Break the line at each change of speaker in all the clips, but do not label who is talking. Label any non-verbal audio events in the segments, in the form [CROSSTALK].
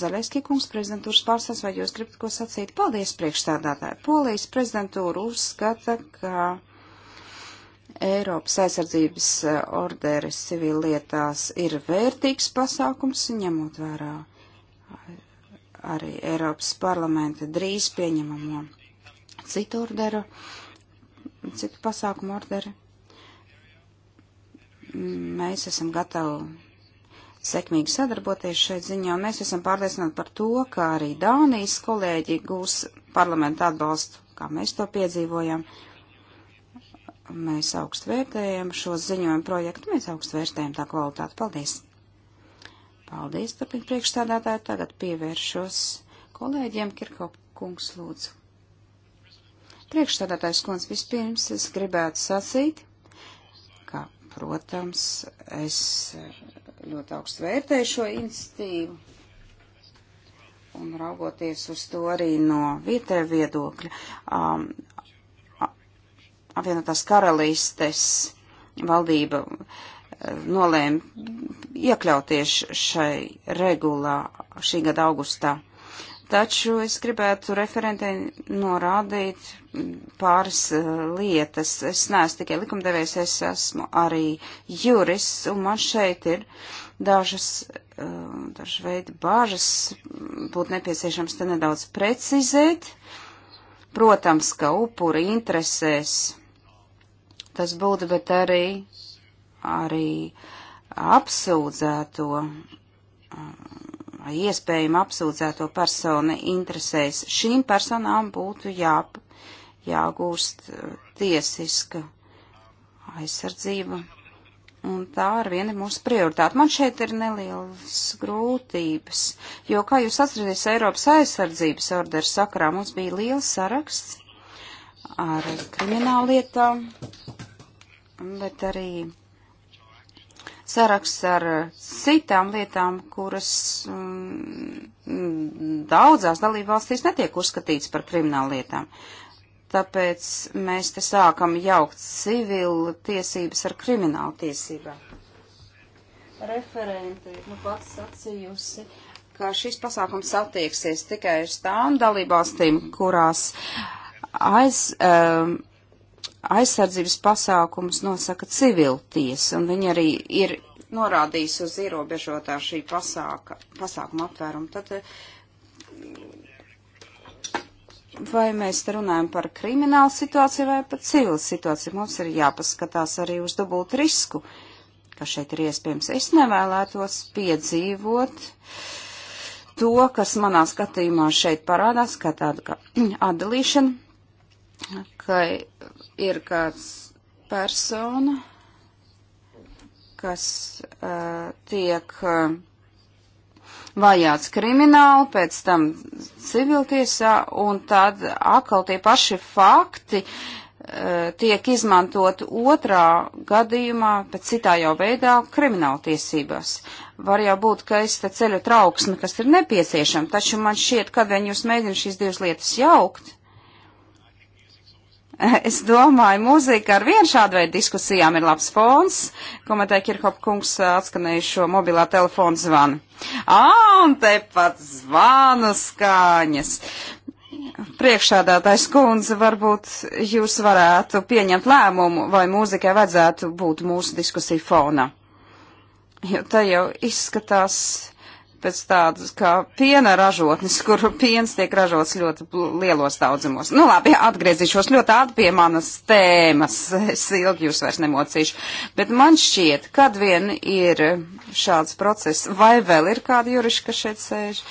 Zaļaiski kungs, prezidentūras pārstāvs, vai jūs gribat ko sacīt? Paldies, priekšstādātāji. Polijas prezidentūra uzskata, ka Eiropas aizsardzības eh, orderis civillietās ir vērtīgs pasākums, ņemot vērā eh, arī Eiropas parlamenta drīz pieņemamo citu orderu, citu pasākumu orderi. Mēs esam gatavi sekmīgi sadarboties šeit ziņā, un mēs esam pārliecināti par to, ka arī Dānijas kolēģi gūs parlamentu atbalstu, kā mēs to piedzīvojam. Mēs augstu vērtējam šo ziņojumu projektu, mēs augstu vērtējam tā kvalitāti. Paldies! Paldies, turpin priekšstādātāju, tagad pievēršos kolēģiem Kirkop kungs lūdzu. Priekšstādātājs kungs vispirms es gribētu sacīt, ka, protams, es ļoti augstu vērtēju šo institīvu. Un raugoties uz to arī no vietēja viedokļa, um, apvienotās karalistes valdība uh, nolēma iekļauties šai regulā šī gada augustā. Taču es gribētu referentei norādīt pāris eh, lietas. Es neesmu tikai likumdevējs, es esmu arī jurists, un man šeit ir dažas, eh, daži veidi bāžas, būtu nepieciešams te nedaudz precizēt. Protams, ka upuri interesēs tas būtu, bet arī, arī apsūdzēto eh, iespējama apsūdzēto persona interesēs. Šīm personām būtu jā, jāgūst eh, tiesiska aizsardzība. Un tā ar vienu ir mūsu prioritāte. Man šeit ir nelielas grūtības, jo, kā jūs atceraties, Eiropas aizsardzības orderu sakarā mums bija liels saraksts ar krimināllietām, bet arī saraksts ar citām lietām, kuras mm, mm daudzās dalībvalstīs netiek uzskatīts par krimināllietām. lietām. Tāpēc mēs te sākam jaukt civilu tiesības ar kriminālu tiesībām. Referente nu pats sacījusi, ka šis pasākums attieksies tikai uz tām dalībvalstīm, kurās aiz, um, aizsardzības pasākums nosaka civiltiesa, un viņi arī ir norādījis uz ierobežotā šī pasāka, pasākuma aptvērumu. Tad vai mēs te runājam par kriminālu situāciju vai par civilu situāciju. Mums ir jāpaskatās arī uz dubultu risku, ka šeit ir iespējams. Es nevēlētos piedzīvot to, kas manā skatījumā šeit parādās, kā tāda kā [CLEARS THROAT] atdalīšana, ka ir kāds persona, kas uh, tiek. Uh, vajāts krimināli, pēc tam civiltiesā, un tad atkal tie paši fakti eh, tiek izmantot otrā gadījumā, bet citā jau veidā krimināltiesībās. Var jau būt, ka es te ceļu trauksmi, kas ir nepieciešama, taču man šķiet, kad vien jūs mēģināt šīs divas lietas jaukt, [LAUGHS] Es domāju, mūzika ar vienu šādu veidu diskusijām ir labs fons, komentēja Kirhop kungs atskanēju šo mobilā telefonu zvanu. Ā, un te pat zvanu skaņas. Priekšādātais kundze, varbūt jūs varētu pieņemt lēmumu, vai mūzikai vajadzētu būt mūsu diskusiju fona. Jo te jau izskatās pēc tādas kā piena ražotnes, kur piens tiek ražots ļoti lielos daudzumos. Nu labi, atgriezīšos ļoti ātri pie manas tēmas. Es ilgi jūs vairs nemocīšu. Bet man šķiet, kad vien ir šāds process, vai vēl ir kādi juriši, kas šeit sēž,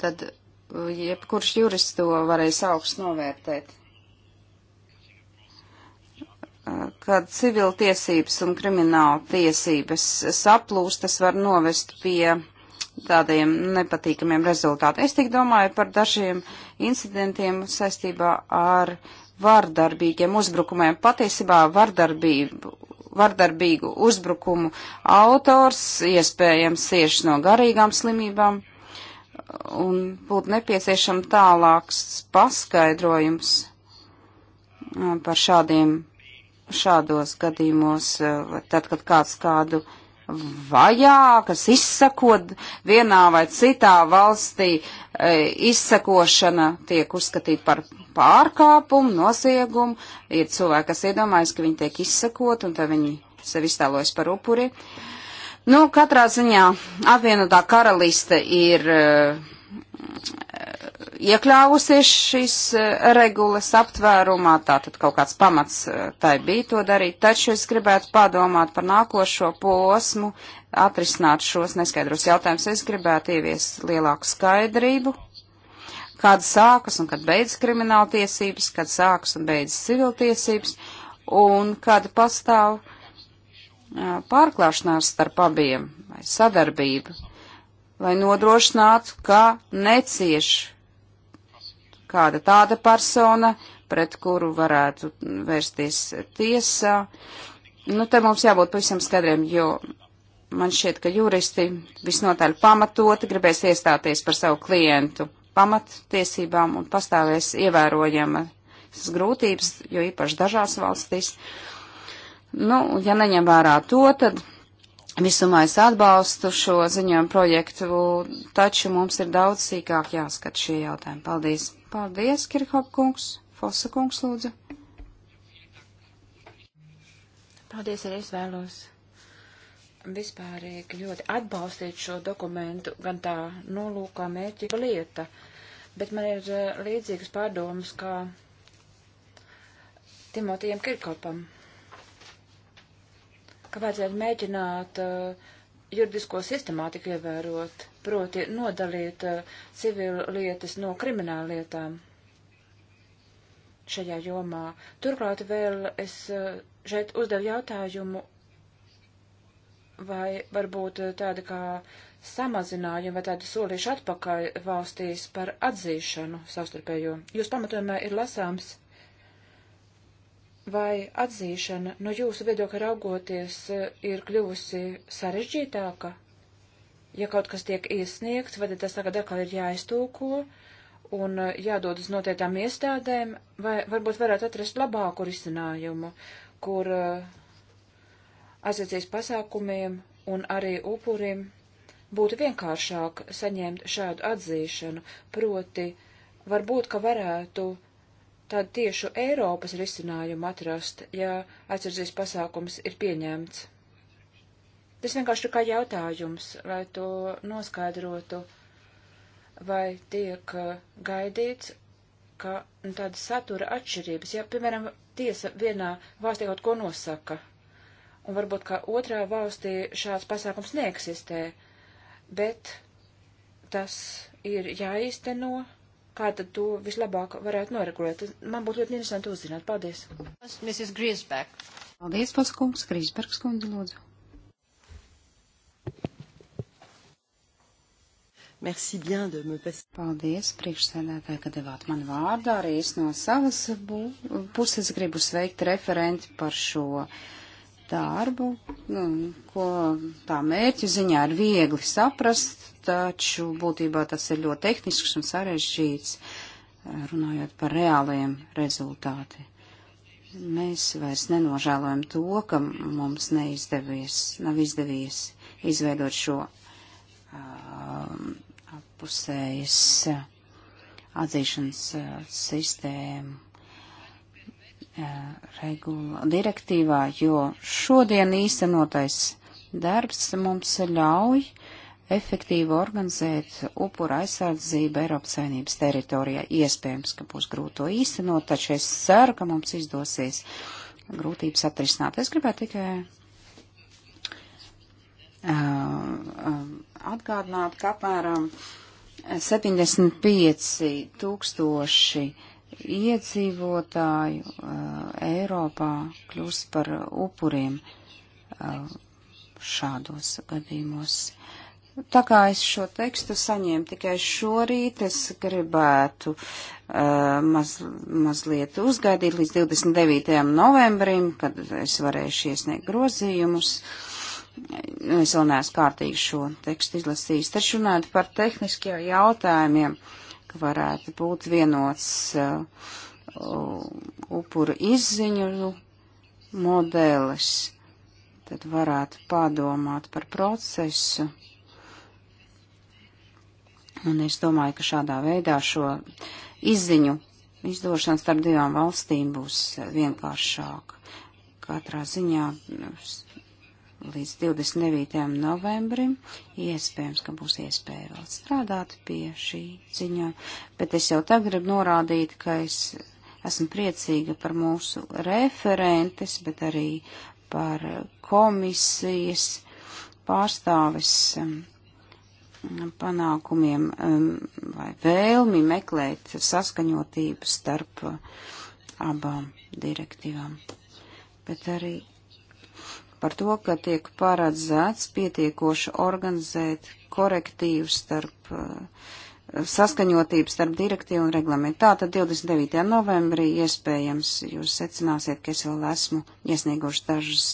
tad uh, jebkurš jurists to varēs augsts novērtēt kad civil tiesības un krimināla tiesības saplūst, tas var novest pie tādiem nepatīkamiem rezultātiem. Es tik domāju par dažiem incidentiem saistībā ar vārdarbīgiem uzbrukumiem. Patiesībā vārdarbību, vārdarbīgu uzbrukumu autors iespējams cieši no garīgām slimībām un būtu nepieciešama tālāks paskaidrojums uh, par šādiem šādos gadījumos, eh, tad, kad kāds kādu vajā, kas izsakot vienā vai citā valstī, eh, izsakošana tiek uzskatīta par pārkāpumu, noziegumu. Ir cilvēki, kas iedomājas, ka viņi tiek izsakot, un tad viņi sevi iztēlojas par upuri. Nu, katrā ziņā apvienotā karaliste ir eh, iekļāvusies šīs e, regulas aptvērumā, tātad kaut kāds pamats e, tai bija to darīt, taču es gribētu padomāt par nākošo posmu, atrisināt šos neskaidrus jautājumus. Es gribētu ieviest lielāku skaidrību, kad sākas un kad beidzas krimināltiesības, kad sākas un beidzas civiltiesības, un kad pastāv e, pārklāšanās starp abiem vai sadarbība, lai nodrošinātu, ka necieši kāda tāda persona, pret kuru varētu vērsties tiesā. Nu, te mums jābūt pavisam skaidriem, jo man šķiet, ka juristi visnotaļ pamatoti gribēs iestāties par savu klientu pamattiesībām un pastāvēs ievērojamas grūtības, jo īpaši dažās valstīs. Nu, ja neņem vērā to, tad visumā es atbalstu šo ziņojumu projektu, taču mums ir daudz sīkāk jāskat šie jautājumi. Paldies! Paldies, Kirhop kungs. Fosa kungs, lūdzu.
Paldies, arī es vēlos vispārīgi ļoti atbalstīt šo dokumentu, gan tā nolūkā mērķīga lieta, bet man ir eh, līdzīgas pārdomas kā Timotijam Kirkopam, ka vajadzētu mēģināt uh, juridisko sistemātiku ievērot, proti nodalīt uh, eh, civilu lietas no krimināla lietām šajā jomā. Turklāt vēl es uh, šeit uzdevu jautājumu, vai varbūt eh, tāda kā samazinājuma vai tāda solīša atpakaļ valstīs par atzīšanu savstarpējo. Jūs pamatojumā ir lasāms vai atzīšana no jūsu viedokļa raugoties eh, ir kļuvusi sarežģītāka? Ja kaut kas tiek iesniegts, vai tas tagad atkal ir jāiztūko un eh, jādod uz noteiktām iestādēm, vai varbūt varētu atrast labāku risinājumu, kur eh, aizsardzības pasākumiem un arī upurim būtu vienkāršāk saņemt šādu atzīšanu, proti varbūt, ka varētu tādu tiešu Eiropas risinājumu atrast, ja aizsardzības pasākums ir pieņemts? Tas vienkārši kā jautājums, lai to noskaidrotu, vai tiek uh, gaidīts, ka nu, tāda satura atšķirības, ja, piemēram, tiesa vienā valstī kaut ko nosaka, un varbūt, ka otrā valstī šāds pasākums neeksistē, bet tas ir jāīsteno. Ja kā tad to vislabāk varētu noregulēt. Man būtu ļoti interesanti uzzināt. Paldies. Mrs. Griesbeck.
Paldies, Paskungs. Griesbergs kundze, lūdzu. Merci bien de me passer. Paldies, priekšsēdētāji, ka devāt man vārdu. Arī es no savas puses gribu sveikt referenti par šo uh, darbu, ko tā mērķu ziņā ir viegli saprast, taču būtībā tas ir ļoti tehnisks un sarežģīts, runājot par reāliem rezultātiem. Mēs vairs nenožēlojam to, ka mums neizdevies, nav izdevies izveidot šo um, apusējas atzīšanas uh, sistēmu regula direktīvā, jo šodien īstenotais darbs mums ļauj efektīvi organizēt upura aizsardzību Eiropas Savienības teritorijā. Iespējams, ka būs grūti to īstenot, taču es ceru, ka mums izdosies grūtības atrisināt. Es gribētu tikai uh, atgādināt, ka apmēram 75 tūkstoši uh, iedzīvotāju uh, Eiropā kļūst par upuriem uh, šādos gadījumos. Tā kā es šo tekstu saņēmu tikai šorīt, es gribētu uh, maz, mazliet uzgaidīt līdz 29. novembrim, kad es varēšu iesniegt grozījumus. Es vēl neesmu kārtīgi šo tekstu izlasījis, taču runājot par tehniskajiem jautājumiem. Uh, ka varētu būt vienots uh, upuru izziņu modelis. Tad varētu padomāt par procesu. Un es domāju, ka šādā veidā šo izziņu izdošana starp divām valstīm būs vienkāršāka. Katrā ziņā līdz 29. novembrim. Iespējams, ka būs iespēja vēl strādāt pie šī ziņā, bet es jau tagad gribu norādīt, ka es esmu priecīga par mūsu referentes, bet arī par komisijas pārstāves um, panākumiem um, vai vēlmi meklēt saskaņotību starp uh, abām direktīvām. Bet arī par to, ka tiek paredzēts pietiekoši organizēt korektīvus starp eh, saskaņotību starp direktīvu un reglamentu. Tā tad 29. novembrī iespējams jūs secināsiet, ka es vēl esmu iesnieguši dažus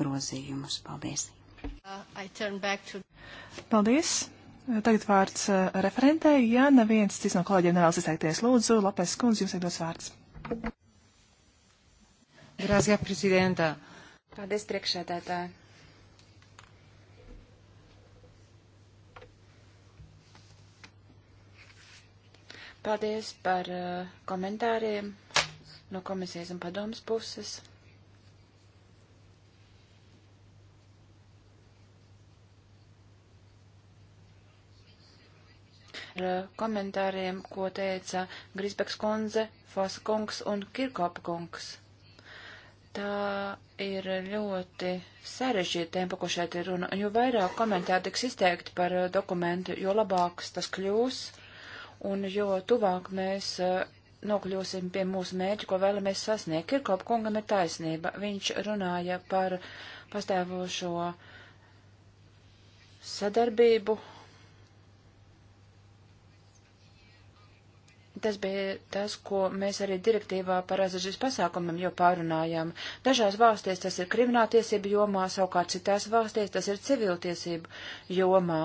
grozījumus. Paldies! Uh, to...
Paldies! Tagad vārds uh, referentei. Ja neviens cits no kolēģiem nevēlas izteikties, lūdzu, Lopes kundze, jums ir dos vārds. Gracias, prezidenta. Uh,
Paldies, priekšsēdētāji.
Paldies par uh, komentāriem no komisijas un padomas puses. Ar uh, komentāriem, ko teica Grisbeks kundze, Fosa kungs un Kirkopa kungs. Tā ir ļoti sarežģīta tempa, ko šeit ir runa. Jo vairāk komentāri tiks izteikti par eh, dokumentu, jo labāks tas kļūs un jo tuvāk mēs eh, nokļūsim pie mūsu mērķa, ko vēlamies sasniegt. Kirkop kungam ir taisnība. Viņš runāja par pastāvošo sadarbību tas bija tas, ko mēs arī direktīvā par aizsardzības pasākumiem jau pārunājām. Dažās valstīs tas ir krimināltiesību jomā, savukārt citās valstīs tas ir civiltiesību jomā.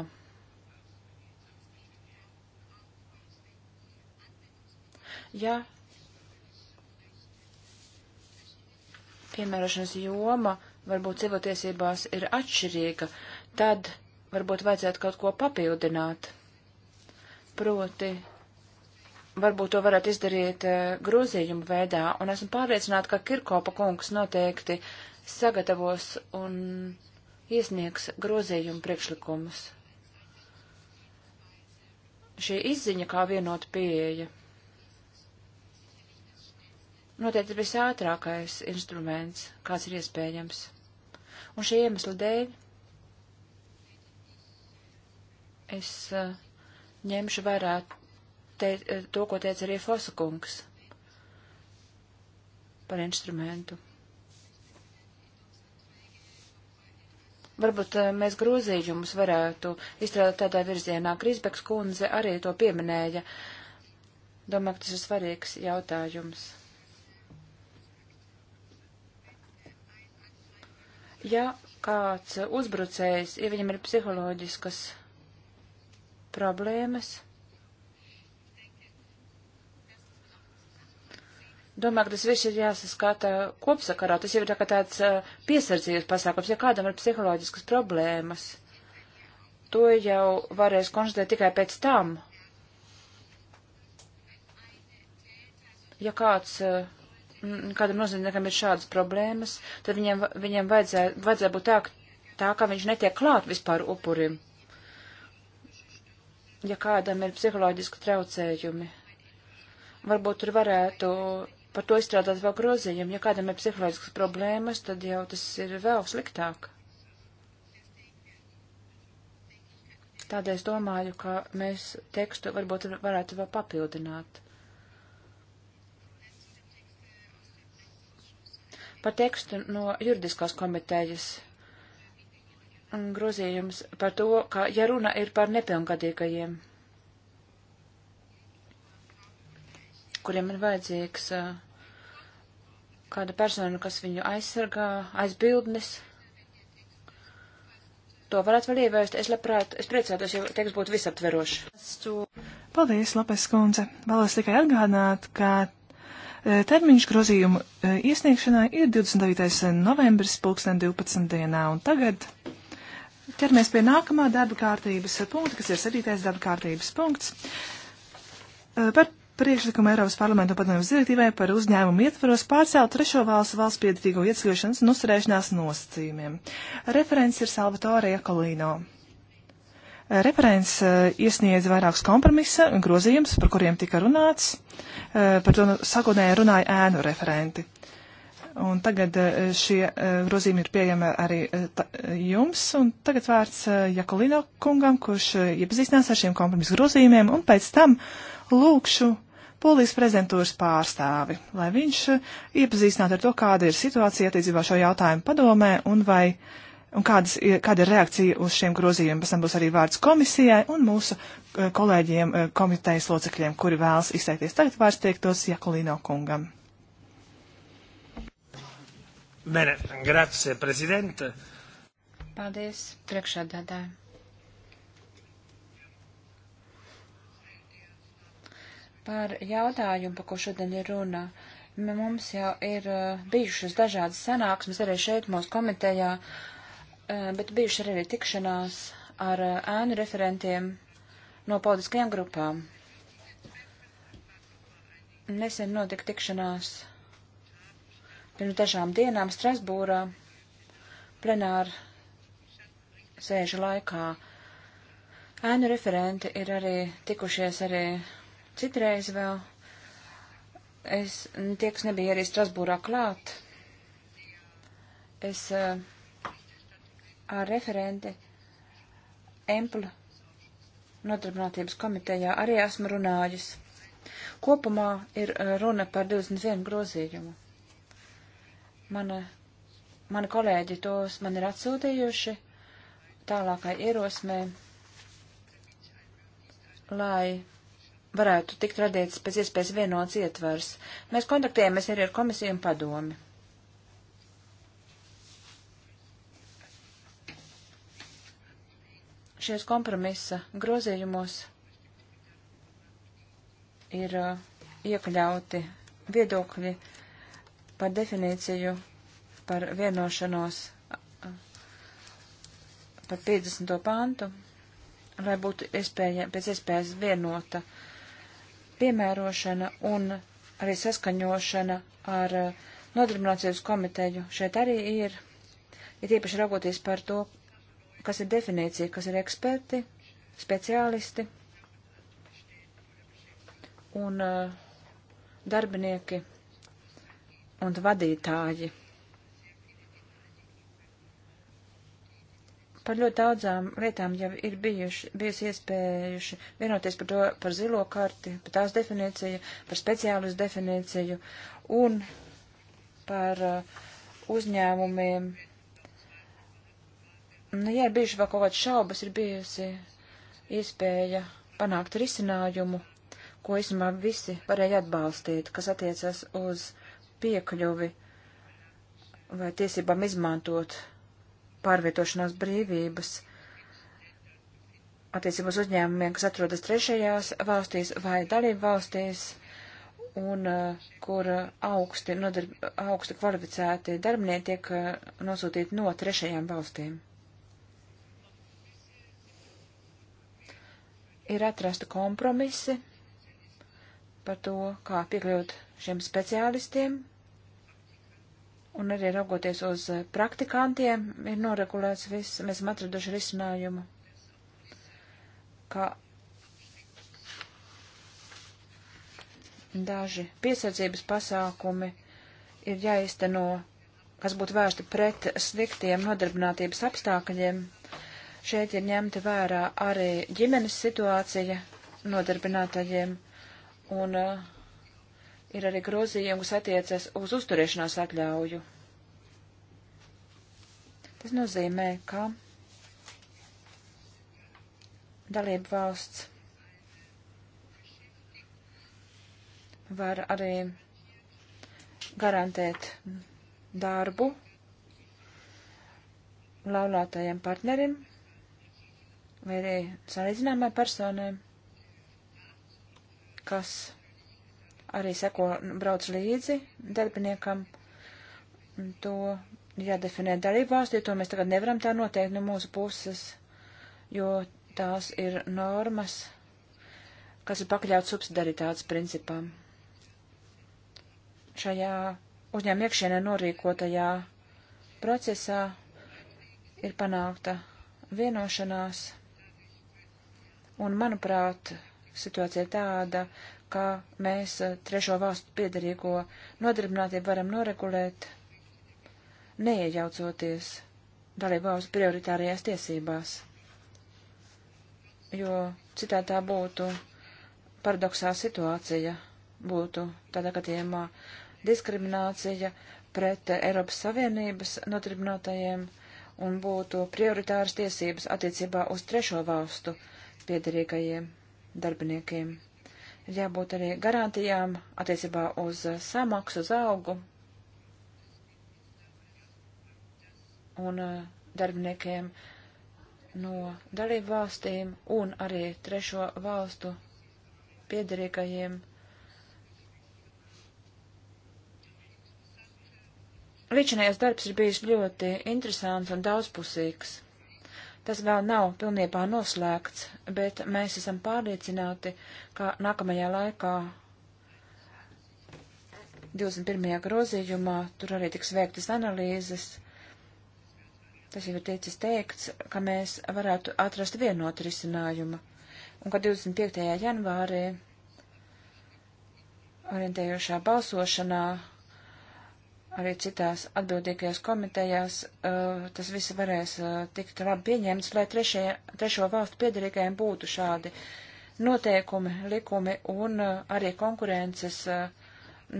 Ja piemērošanas joma varbūt civiltiesībās ir atšķirīga, tad varbūt vajadzētu kaut ko papildināt. Proti, Varbūt to varētu izdarīt uh, grozījumu veidā, un esmu pārliecināta, ka Kirkopa kungs noteikti sagatavos un iesniegs grozījumu priekšlikumus. Šī izziņa kā vienota pieeja noteikti ir visātrākais instruments, kāds ir iespējams. Un šī iemesla dēļ es uh, ņemšu vairāk te, to, ko teica arī Fosakungs par instrumentu. Varbūt eh, mēs grozījumus varētu izstrādāt tādā virzienā. Krisbeks kundze arī to pieminēja. Domāju, ka tas ir svarīgs jautājums. Ja kāds uzbrucējs, ja viņam ir psiholoģiskas problēmas, domāju, ka tas viss ir jāsaskata kopsakarā. Tas jau ir tā kā tāds piesardzības pasākums, ja kādam ir psiholoģiskas problēmas. To jau varēs konstatēt tikai pēc tam. Ja kāds, kādam nozīmniekam ir šādas problēmas, tad viņiem, viņiem vajadzēja, vajadzēja būt tā, tā, ka viņš netiek klāt vispār upurim. Ja kādam ir psiholoģiski traucējumi, varbūt tur varētu par to izstrādāt vēl grozījumu. Ja kādam ir psiholoģiskas problēmas, tad jau tas ir vēl sliktāk. Tādēļ es domāju, ka mēs tekstu varbūt varētu vēl papildināt. Par tekstu no juridiskās komitejas grozījums par to, ka ja runa ir par nepilngadīgajiem kuriem ir vajadzīgs kāda persona, kas viņu aizsargā, aizbildnis. To varētu vēl ievērst. Es labprāt, es priecātos, ja teksts būtu visaptverošs.
Paldies, Lopes kundze. Vēlos tikai atgādināt, ka Termiņš grozījumu iesniegšanai ir 29. novembris 2012. dienā, un tagad ķermies pie nākamā darba kārtības punkta, kas ir 7. darba kārtības punkts par priekšlikumu Eiropas parlamenta padomjas direktīvai par uzņēmumu ietvaros pārcelt trešo valstu valsts piedarīgo ieceļošanas un uzturēšanās nosacījumiem. Referents ir Salvatore Jakolino. Referents eh, iesniedz vairākus kompromisa un grozījumus, par kuriem tika runāts. Eh, par to nu, sakotnēji runāja ēnu referenti. Un tagad eh, šie grozījumi ir pieejami arī jums. Un tagad vārds Jakolino kungam, kurš iepazīstinās ar šiem kompromisu grozījumiem. Un pēc tam lūkšu polijas prezidentūras pārstāvi, lai viņš eh, iepazīstinātu ar to, kāda ir situācija attiecībā šo jautājumu padomē un vai. Un kādas, kāda ir reakcija uz šiem grozījumiem? Pēc tam būs arī vārds komisijai un mūsu eh, kolēģiem, eh, komitejas locekļiem, kuri vēlas izteikties. Tagad vārds tiektos Jakolino kungam. Bene, grazie, prezidente.
Paldies, priekšādādāji. par jautājumu, par ko šodien ir runa. Mums jau ir eh, bijušas dažādas sanāksmes arī šeit mūsu komitejā, eh, bet bijušas arī tikšanās ar eh, ēnu referentiem no politiskajām grupām. Nesen notika tikšanās pirms dažām dienām Strasbūrā plenāra sēžu laikā. Ēnu referenti ir arī tikušies arī Citreiz vēl es, tie, kas nebija arī Strasbūrā klāt, es eh, ar referenti Emplu nodarbinātības komitejā arī esmu runājis. Kopumā ir eh, runa par 21 grozījumu. Mana, mani kolēģi tos man ir atsūtījuši tālākai ierosmē, lai varētu tikt radīts pēc iespējas vienots ietvers. Mēs kontaktējamies arī ar komisiju un padomi. Šies kompromisa grozījumos ir uh, iekļauti viedokļi par definīciju par vienošanos uh, par 50. pantu, lai būtu iespēja, pēc iespējas vienota uh, piemērošana un arī saskaņošana ar eh, nodarbinācijas komiteju šeit arī ir, ir īpaši raugoties par to, kas ir definīcija, kas ir eksperti, speciālisti un eh, darbinieki un vadītāji. Par ļoti daudzām lietām jau ir bijuši, bijusi iespējuši vienoties par to, par zilo karti, par tās definīciju, par speciālus definīciju un par uh, uzņēmumiem. Nu, ja ir bijuši vēl kaut kāds šaubas, ir bijusi iespēja panākt risinājumu, ko īstenībā visi varēja atbalstīt, kas attiecas uz piekļuvi vai tiesībām izmantot pārvietošanās brīvības attiecībā uz uzņēmumiem, kas atrodas trešajās valstīs vai dalību valstīs un uh, kur augsti, nodarb, augsti kvalificēti darbinieki tiek uh, nosūtīti no trešajām valstīm. Ir atrasta kompromisi par to, kā piekļūt šiem speciālistiem Un arī raugoties uz praktikantiem, ir noregulēts viss, mēs esam atraduši risinājumu, ka daži piesardzības pasākumi ir jāizteno, kas būtu vērsti pret sliktiem nodarbinātības apstākļiem. Šeit ir ņemta vērā arī ģimenes situācija nodarbinātajiem un uh, Ir arī grozījumi, kas attiecas uz uzturēšanās atļauju. Tas nozīmē, ka dalība valsts var arī garantēt darbu laulātajiem partnerim vai arī salīdzināmai personai, kas arī seko, brauc līdzi darbiniekam. To jādefinē dalībvalstī, to mēs tagad nevaram tā noteikt no mūsu puses, jo tās ir normas, kas ir pakļauts subsidaritātes principam. Šajā uzņēmuma iekšienē norīkotajā procesā ir panākta vienošanās, un, manuprāt, situācija ir tāda, kā mēs eh, trešo valstu piedarīgo nodarbinātību varam noregulēt, neiejaucoties dalībvalstu prioritārajās tiesībās, jo citādi tā būtu paradoxāla situācija, būtu tādā gadījumā diskriminācija pret eh, Eiropas Savienības nodarbinātajiem un būtu prioritāras tiesības attiecībā uz trešo valstu piedarīgajiem darbiniekiem ir jābūt arī garantijām attiecībā uz samaksu, uz augu un uh, darbiniekiem no dalību valstīm un arī trešo valstu piedarīgajiem. Līdzinājās darbs ir bijis ļoti interesants un daudzpusīgs. Tas vēl nav pilnībā noslēgts, bet mēs esam pārliecināti, ka nākamajā laikā 21. grozījumā tur arī tiks veiktas analīzes. Tas jau ir teicis teikts, ka mēs varētu atrast vienotu risinājumu. Un ka 25. janvārī orientējošā balsošanā arī citās atbildīgajās komitejās uh, tas viss varēs uh, tikt labi pieņemts, lai trešie, trešo valstu piedarīgajiem būtu šādi noteikumi, likumi un uh, arī konkurences uh,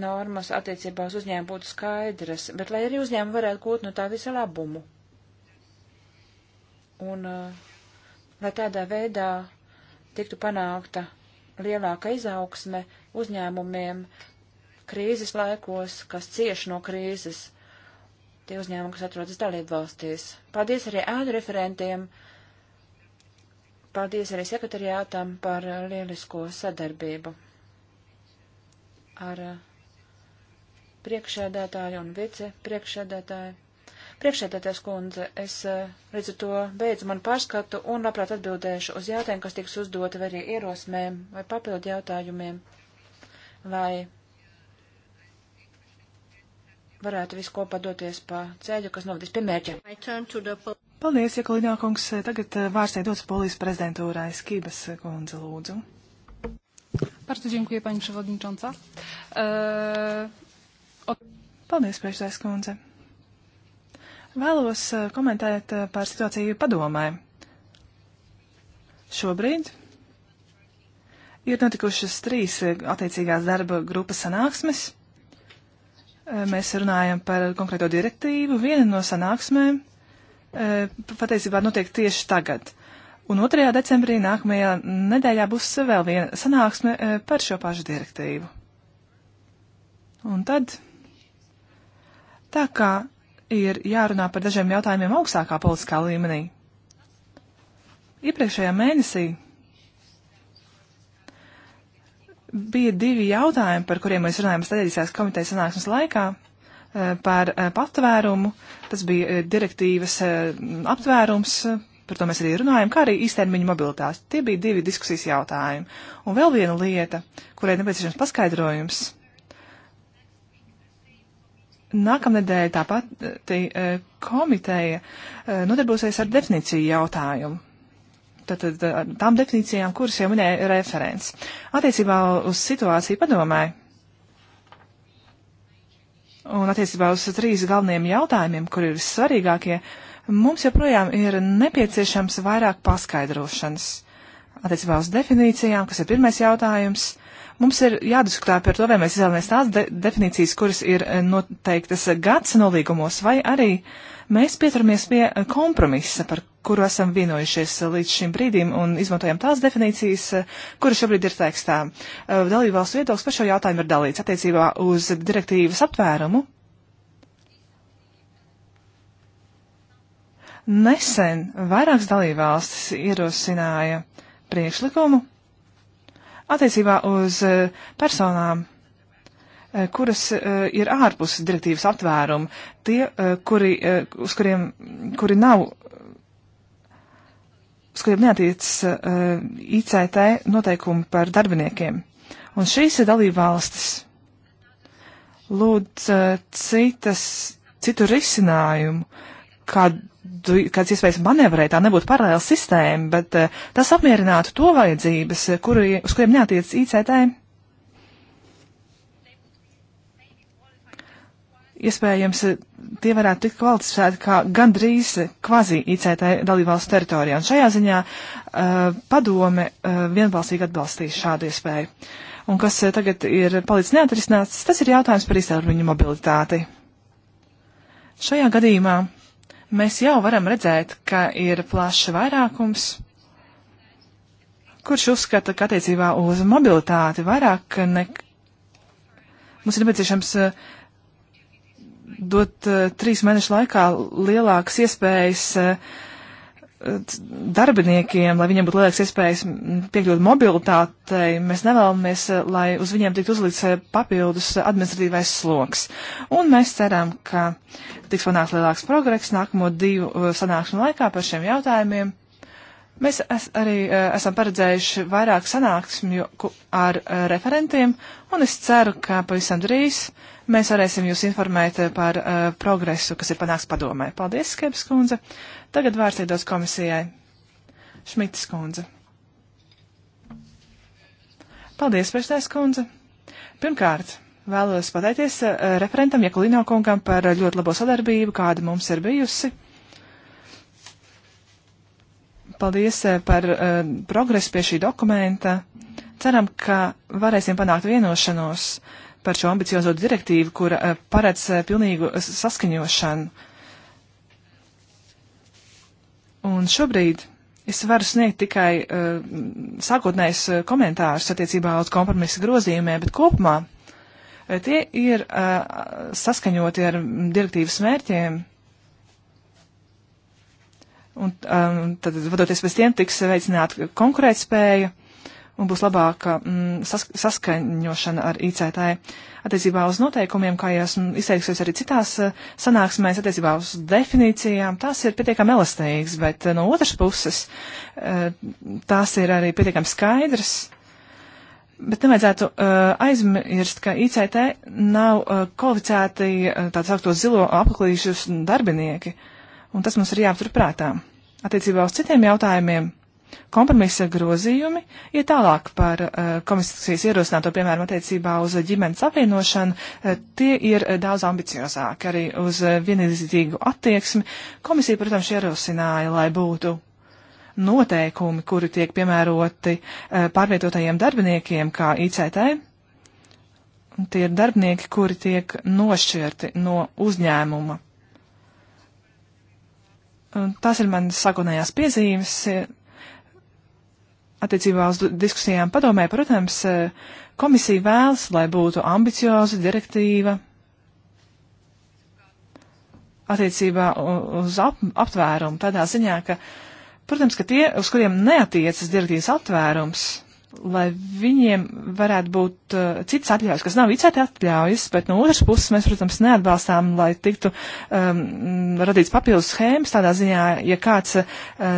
normas attiecībā uz uzņēmumu būtu skaidras, bet lai arī uzņēmumi varētu gūt no tā visa labumu. Un uh, lai tādā veidā tiktu panākta lielāka izaugsme uzņēmumiem, uh, krīzes laikos, kas cieš no krīzes, tie uzņēmumi, kas atrodas dalību valstīs. Paldies arī ēnu referentiem, paldies arī sekretariātam par lielisko sadarbību ar uh, priekšēdētāju un vice priekšēdētāju. Priekšēdētājs kundze, es uh, līdz ar to beidzu manu pārskatu un labprāt atbildēšu uz jautājumu, kas tiks uzdoti vai arī ierosmēm vai papildu jautājumiem vai varētu visu kopā doties pa ceļu, kas novadīs pie mērķa.
Paldies, Jekalīnā kungs. Tagad eh, vārstē dots polijas prezidentūrai Skības kundze lūdzu. Bardzo dziękuję, pani przewodnicząca. E, eh, od... Paldies, priekšsēdētājas kundze. Vēlos eh, komentēt par situāciju padomē. Šobrīd ir notikušas trīs attiecīgās darba grupas sanāksmes mēs runājam par konkrēto direktīvu. Viena no sanāksmēm e, patiesībā notiek tieši tagad. Un 2. decembrī nākamajā nedēļā būs vēl viena sanāksme e, par šo pašu direktīvu. Un tad, tā kā ir jārunā par dažiem jautājumiem augstākā politiskā līmenī, iepriekšējā mēnesī Bija divi jautājumi, par kuriem mēs runājam strateģiskās komitejas sanāksmes laikā eh, par eh, patvērumu. Tas bija eh, direktīvas aptvērums, par to mēs arī runājam, kā arī īstermiņa mobilitāte. Tie bija divi diskusijas jautājumi. Un vēl viena lieta, kurai nepieciešams paskaidrojums. Nākamnedēļ tāpat komiteja nodarbosies ar definīciju jautājumu tātad tām definīcijām, kuras jau minēja referents. Attiecībā uz situāciju padomē un attiecībā uz trīs galveniem jautājumiem, kur ir svarīgākie, mums joprojām ir nepieciešams vairāk paskaidrošanas. Attiecībā uz definīcijām, kas ir pirmais jautājums, Mums ir jādiskutē par to, vai mēs izvēlamies tās de definīcijas, kuras ir eh, noteiktas gads nolīgumos, vai arī mēs pieturamies pie kompromisa, par kuru esam vienojušies līdz šim brīdim un izmantojam tās definīcijas, kuras šobrīd ir tekstā. Eh, Dalībvalstu viedoklis par šo jautājumu ir dalīts attiecībā uz direktīvas aptvērumu. Nesen vairākas dalībvalstis ierosināja priekšlikumu Attiecībā uz eh, personām, eh, kuras eh, ir ārpus direktīvas aptvērumu, tie, kuri, uz kuriem, kuri nav, uz kuriem neatiec ICT noteikumi par darbiniekiem. Un šīs ir dalībvalstis lūdz citas, citu risinājumu, kādu kāds iespējas manevrēt, tā nebūtu paralēla sistēma, bet uh, tas apmierinātu to vajadzības, eh, kuri, uz kuriem neatiec ICT. Iespējams, eh, tie varētu tikt kvalificēti kā gandrīz kvazi ICT dalībvalsts teritorijā. Un šajā ziņā uh, padome uh, vienbalsīgi atbalstīs šādu iespēju. Un kas uh, tagad ir palicis neatrisināts, tas ir jautājums par īstermiņu mobilitāti. Šajā gadījumā mēs jau varam redzēt, ka ir plaša vairākums, kurš uzskata, ka attiecībā uz mobilitāti vairāk nekā mums ir nepieciešams eh, dot eh, trīs mēnešu laikā lielākas iespējas uh, darbiniekiem, lai viņiem būtu lielāks iespējas piekļūt mobilitātei, mēs nevēlamies, lai uz viņiem tiktu uzlīts eh, papildus administratīvais sloks. Un mēs ceram, ka tiks panāks lielāks progress nākamo divu eh, sanākšanu laikā par šiem jautājumiem. Mēs es, arī eh, esam paredzējuši vairāk sanāksmju ar referentiem, un es ceru, ka pavisam drīz mēs varēsim jūs informēt eh, par uh, progresu, kas ir panāks padomē. Paldies, Skepes kundze. Tagad vārds iedos komisijai. Šmitas kundze. Paldies, priekšstājas kundze. Pirmkārt, vēlos pateikties uh, referentam Jekulino kungam par ļoti labo sadarbību, kāda mums ir bijusi. Paldies uh, par uh, progresu pie šī dokumenta. Ceram, ka varēsim panākt vienošanos uh, par šo ambiciozo direktīvu, kura eh, paredz eh, pilnīgu eh, saskaņošanu. Un šobrīd es varu sniegt tikai uh, sākotnējs uh, komentārus attiecībā uz kompromisa grozījumiem, bet kopumā uh, tie ir uh, saskaņoti ar mm, direktīvas mērķiem. Un um, tad, vadoties pēc tiem, tiks veicināta konkurētspēja. Uh, un būs labāka mm, sas saskaņošana ar ICT. Attiecībā uz noteikumiem, kā jau esmu izteiksies arī citās eh, sanāksmēs, attiecībā uz definīcijām, tās ir pietiekami elastīgas, bet eh, no otras puses eh, tās ir arī pietiekami skaidras. Bet nevajadzētu uh, aizmirst, ka ICT nav uh, kvalificēti uh, tāds augtos zilo apaklīšus darbinieki, un tas mums ir jāaptur prātā. Attiecībā uz citiem jautājumiem Kompromisa grozījumi iet tālāk par eh, komisijas ierosināto, piemēram, attiecībā uz ģimenes apvienošanu. Eh, tie ir eh, daudz ambiciozāki arī uz vienlīdzīgu attieksmi. Komisija, protams, ierosināja, lai būtu noteikumi, kuri tiek piemēroti pārvietotajiem darbiniekiem, kā ICT. Tie ir darbinieki, kuri tiek nošķirti no uzņēmuma. Tas ir manas sagunējās piezīmes attiecībā uz diskusijām padomē, protams, eh, komisija vēlas, lai būtu ambicioza direktīva attiecībā uz ap, aptvērumu, tādā ziņā, ka, protams, ka tie, uz kuriem neatiecas direktīvas aptvērums, lai viņiem varētu būt uh, citas atļaujas, kas nav ICT atļaujas, bet no otras puses mēs, protams, neatbalstām, lai tiktu um, radīts papildus schēmas tādā ziņā, ja kāds uh,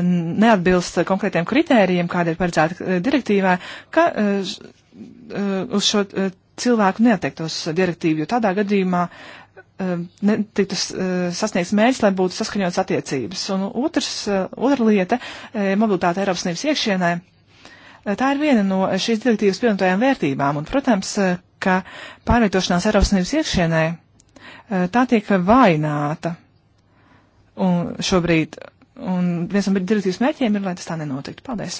neatbilst konkrētiem kritērijiem, kāda ir paredzēta uh, direktīvā, ka uh, uh, uz šo uh, cilvēku neatiektos direktīvu, jo tādā gadījumā uh, netiktu uh, sasniegts mērķis, lai būtu saskaņots attiecības. Un otrs, uh, otra lieta uh, - mobilitāte Eiropas Savienības iekšienē. Tā ir viena no šīs direktīvas pievienotajām vērtībām, un, protams, ka pārvietošanās Eiropas Savienības iekšienē eh, tā tiek vaināta un šobrīd, un viens no direktīvas mērķiem ir, lai tas tā nenotiktu. Paldies!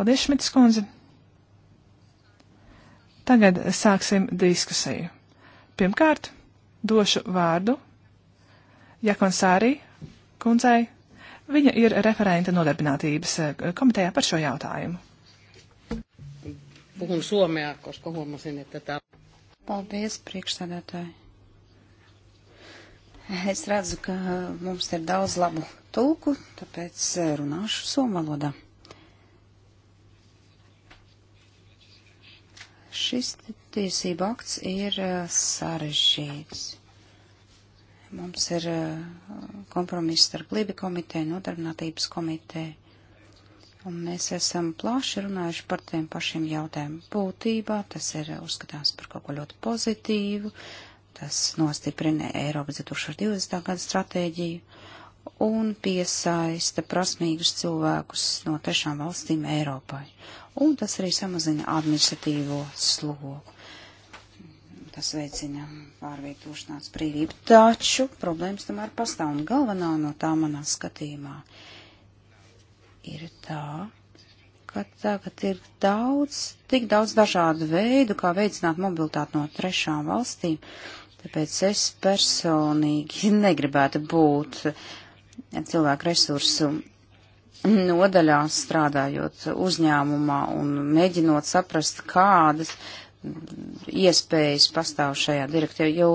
Paldies, Šmitas kundze! Tagad sāksim diskusiju. Pirmkārt, došu vārdu Jakonsārī kundzei Viņa ir referente nodarbinātības eh, komitejā par šo jautājumu.
Puhun suomea, koska huomasin, että tämä... Paldies, priekšsēdētāji. Es redzu, ka mums ir daudz labu tulku, tāpēc eh, runāšu somu valodā. Šis tiesība akts ir eh, sarežģīts. Mums ir uh, kompromiss starp Libi komiteju, nodarbinātības komiteju. Un mēs esam plaši runājuši par tiem pašiem jautājumiem. Būtībā tas ir uh, uzskatāms par kaut ko ļoti pozitīvu, tas nostiprina Eiropas 2020. gada stratēģiju un piesaista prasmīgus cilvēkus no trešām valstīm Eiropai. Un tas arī samazina administratīvo slogu. Tas veicina pārvietošanās brīvību. Taču problēmas tomēr pastāv un galvenā no tā manā skatījumā ir tā, ka tagad ir daudz, tik daudz dažādu veidu, kā veicināt mobilitāti no trešām valstīm, tāpēc es personīgi [LAUGHS] negribētu būt cilvēku resursu nodaļā strādājot uzņēmumā un mēģinot saprast, kādas iespējas pastāv šajā direktīvā, jo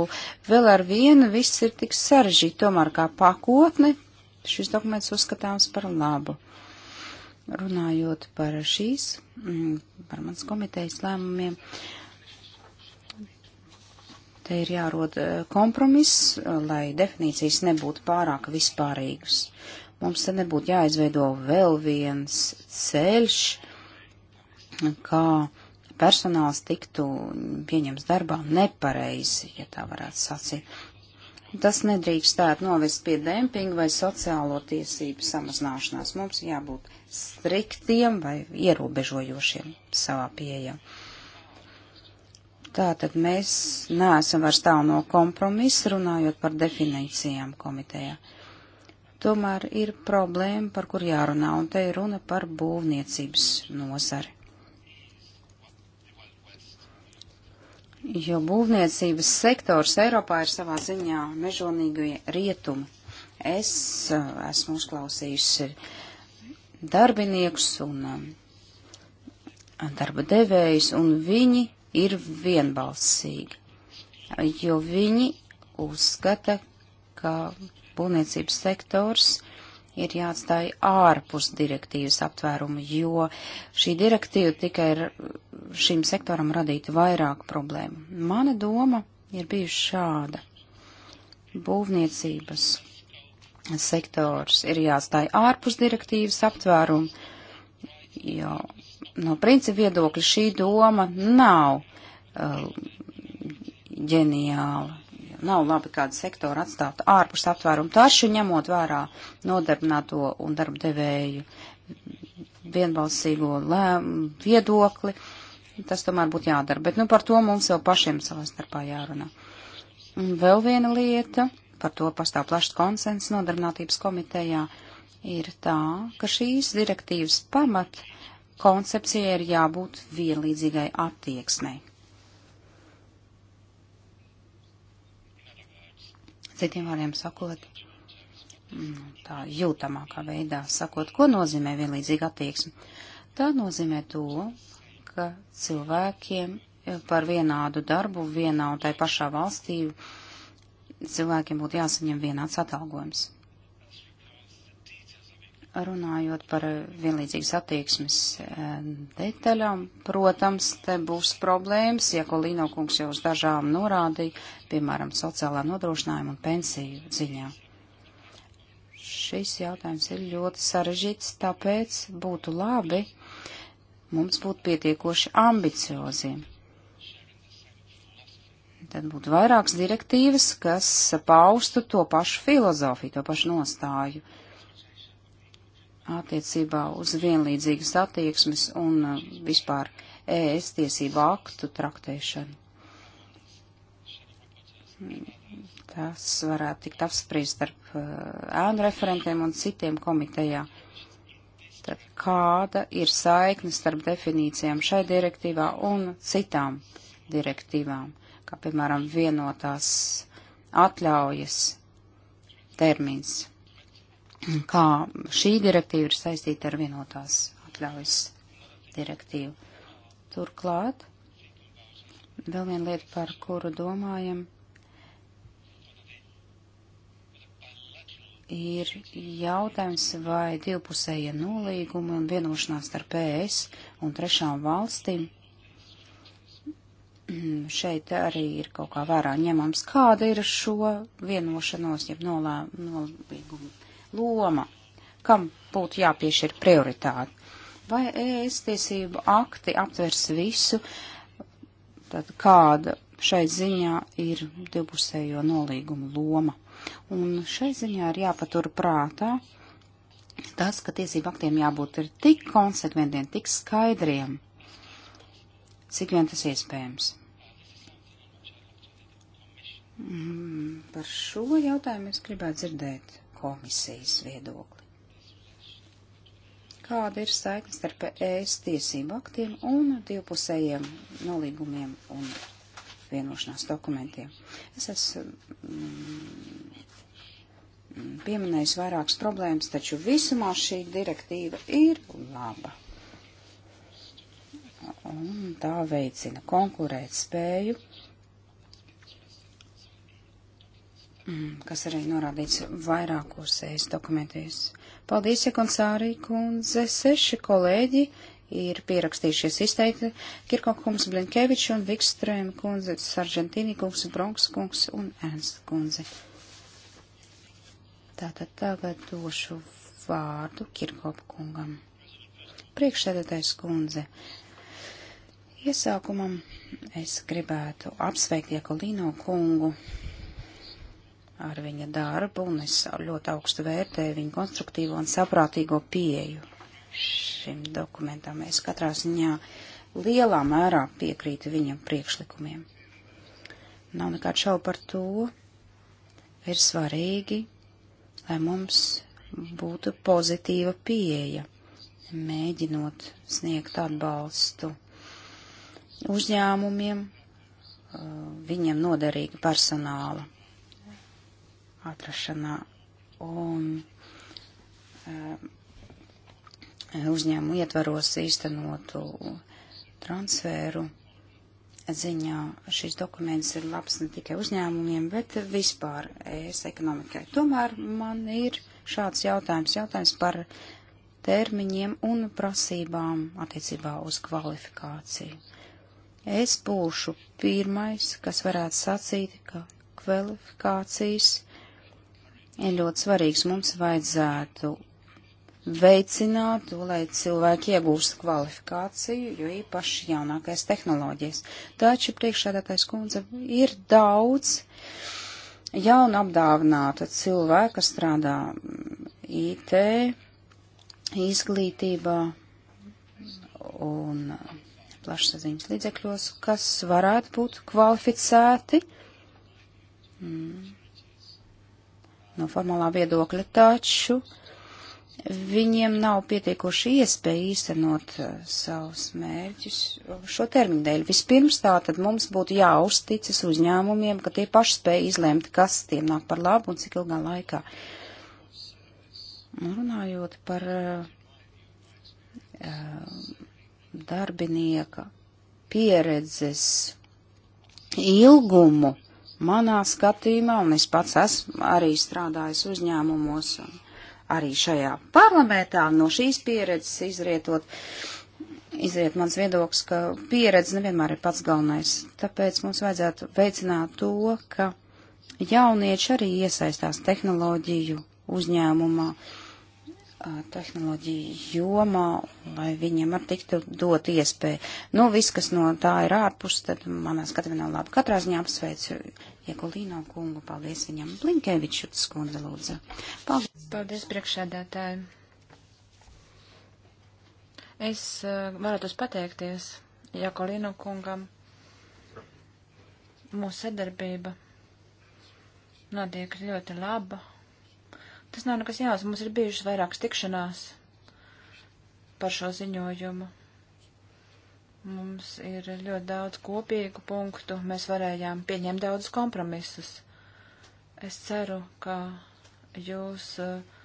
vēl ar vienu viss ir tik sarežģīti, tomēr kā pakotne šis dokuments uzskatāms par labu. Runājot par šīs, mm, par mans komitejas lēmumiem, te ir jārod e, kompromiss, e, lai definīcijas nebūtu pārāk vispārīgas. Mums te nebūtu jāizveido vēl viens ceļš, kā personāls tiktu pieņems darbā nepareizi, ja tā varētu sacīt. Tas nedrīkstētu novest pie dempinga vai sociālo tiesību samazināšanās. Mums jābūt striktiem vai ierobežojošiem savā pieejā. Tātad mēs neesam vairs tālu no kompromisa runājot par definīcijām komitejā. Tomēr ir problēma, par kur jārunā, un te ir runa par būvniecības nozari. jo būvniecības sektors Eiropā ir savā ziņā mežonīgie rietumi. Es uh, esmu uzklausījusi darbiniekus un um, darba devējus, un viņi ir vienbalsīgi, jo viņi uzskata, ka būvniecības sektors ir jāatstāj ārpus direktīvas aptvērumu, jo šī direktīva tikai ir šim sektoram radīta vairāk problēmu. Mana doma ir bijusi šāda. Būvniecības sektors ir jāatstāj ārpus direktīvas aptvērumu, jo no principa viedokļa šī doma nav uh, ģeniāla Nav labi kādu sektoru atstāt ārpus aptvērumu. Taču ņemot vērā nodarbināto un darba devēju vienbalsīgo lēm, viedokli, tas tomēr būtu jādara. Bet nu, par to mums jau pašiem savā starpā jārunā. Un vēl viena lieta, par to pastāv plašs konsens nodarbinātības komitejā, ir tā, ka šīs direktīvas pamat koncepcija ir jābūt vienlīdzīgai attieksmei. Citiem vārdiem sakot, mm, tā jūtamākā veidā sakot, ko nozīmē vienlīdzīga attieksme. Tā nozīmē to, ka cilvēkiem par vienādu darbu vienā un tai pašā valstī cilvēkiem būtu jāsaņem vienāds atalgojums runājot par vienlīdzīgas attieksmes eh, detaļām, protams, te būs problēmas, ja ko Līno kungs jau uz dažām norādīja, piemēram, sociālā nodrošinājuma un pensiju ziņā. Šis jautājums ir ļoti sarežģīts, tāpēc būtu labi mums būt pietiekoši ambicioziem. Tad būtu vairākas direktīvas, kas paustu to pašu filozofiju, to pašu nostāju. Uh, attiecībā uz vienlīdzīgas attieksmes un uh, vispār ES tiesību aktu traktēšanu. Tas varētu tikt apspriest starp uh, ēnu referentiem un citiem komitejā. Tad kāda ir saikne starp definīcijām šai direktīvā un citām direktīvām, kā piemēram vienotās atļaujas termins kā šī direktīva ir saistīta ar vienotās atļaujas direktīvu. Turklāt, vēl viena lieta, par kuru domājam, ir jautājums, vai divpusējie nolīgumi un vienošanās starp PS e un trešām valstīm [CLEARS THROAT] šeit arī ir kaut kā vērā ņemams, kāda ir šo vienošanos, jeb nolīgumu loma, kam būtu jāpiešķir prioritāte. Vai ES tiesību akti aptvers visu, tad kāda šai ziņā ir divpusējo nolīgumu loma. Un šai ziņā ir jāpatur prātā tas, ka tiesību aktiem jābūt ir tik konsekventiem, tik skaidriem, cik vien tas iespējams. Mm, par šo jautājumu es gribētu dzirdēt komisijas viedokli. Kāda ir saikne starp ES tiesību aktiem un divpusējiem nolīgumiem un vienošanās dokumentiem? Es esmu mm, mm, pieminējis vairākas problēmas, taču visumā šī direktīva ir laba. Un tā veicina konkurēt spēju Mm, kas arī norādīts vairākos ES dokumentos. Paldies, Ekonsārī kundze, seši kolēģi ir pierakstījušies izteikti Kirkokungs, Blinkevičs un Vikstrēma kundze, Sargentīni kungs, Bronks kungs un Ernst kundze. Tātad tagad došu vārdu Kirkop kungam. Priekšsēdētais kundze. Iesākumam es gribētu apsveikt Jekolino kungu ar viņa darbu, un es ļoti augstu vērtēju viņa konstruktīvo un saprātīgo pieeju šim dokumentam. Es katrā ziņā lielā mērā piekrītu viņa priekšlikumiem. Nav nekāds šaubu par to. Ir svarīgi, lai mums būtu pozitīva pieeja, mēģinot sniegt atbalstu uzņēmumiem, uh, viņiem noderīga personāla atrašanā un um, uzņēmumu ietvaros īstenotu transferu ziņā šis dokuments ir labs ne tikai uzņēmumiem, bet vispār es ekonomikai. Tomēr man ir šāds jautājums, jautājums par termiņiem un prasībām attiecībā uz kvalifikāciju. Es būšu pirmais, kas varētu sacīt, ka kvalifikācijas ir ļoti svarīgs. Mums vajadzētu veicināt to, lai cilvēki iegūst kvalifikāciju, jo īpaši jaunākais tehnoloģijas. Taču priekšādātais kundze ir daudz jaunu apdāvināta cilvēka, kas strādā mm, IT, izglītībā un plašsaziņas līdzekļos, kas varētu būt kvalificēti. Mm no formālā viedokļa, taču viņiem nav pietiekoši iespēja īstenot uh, savus mērķus šo termiņu dēļ. Vispirms tā tad mums būtu jāuzticas uzņēmumiem, ka tie paši spēja izlēmt, kas tiem nāk par labu un cik ilgā laikā. Un runājot par uh, uh, darbinieka pieredzes ilgumu, Manā skatījumā, un es pats esmu arī strādājis uzņēmumos, arī šajā parlamentā, no šīs pieredzes izrietot, izriet mans viedoklis, ka pieredze nevienmēr ir pats galvenais. Tāpēc mums vajadzētu veicināt to, ka jaunieši arī iesaistās tehnoloģiju uzņēmumā, uh, tehnoloģiju jomā, lai viņiem ar tiktu dot iespēju. Nu, viss, kas no tā ir ārpus, tad manā skatījumā nav labi. Katrā ziņā apsveicu Jekulīno ja kungu, paldies viņam. Blinkeviču skundze lūdzu.
Paldies. Paldies priekšēdētāji. Es uh, varētu pateikties Jekulīno kungam. Mūsu sadarbība notiek ļoti laba Tas nav nekas jās, mums ir bijušas vairākas tikšanās par šo ziņojumu. Mums ir ļoti daudz kopīgu punktu, mēs varējām pieņemt daudz kompromisus. Es ceru, ka jūs uh,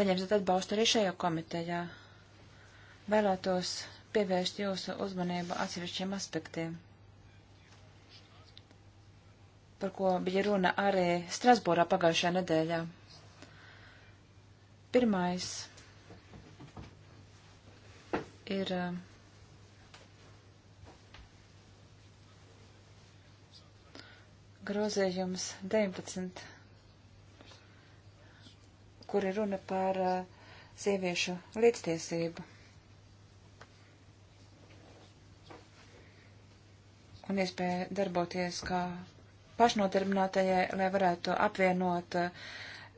saņemsiet atbalstu arī šajā komitejā. Vēlētos pievērst jūsu uzmanību atsevišķiem aspektiem par ko bija runa arī Strasbūrā pagājušajā nedēļā. Pirmais ir uh, grozējums 19, kur ir runa par uh, sieviešu līdztiesību. Un iespēja darboties kā pašnodarbinātajai, lai varētu apvienot uh,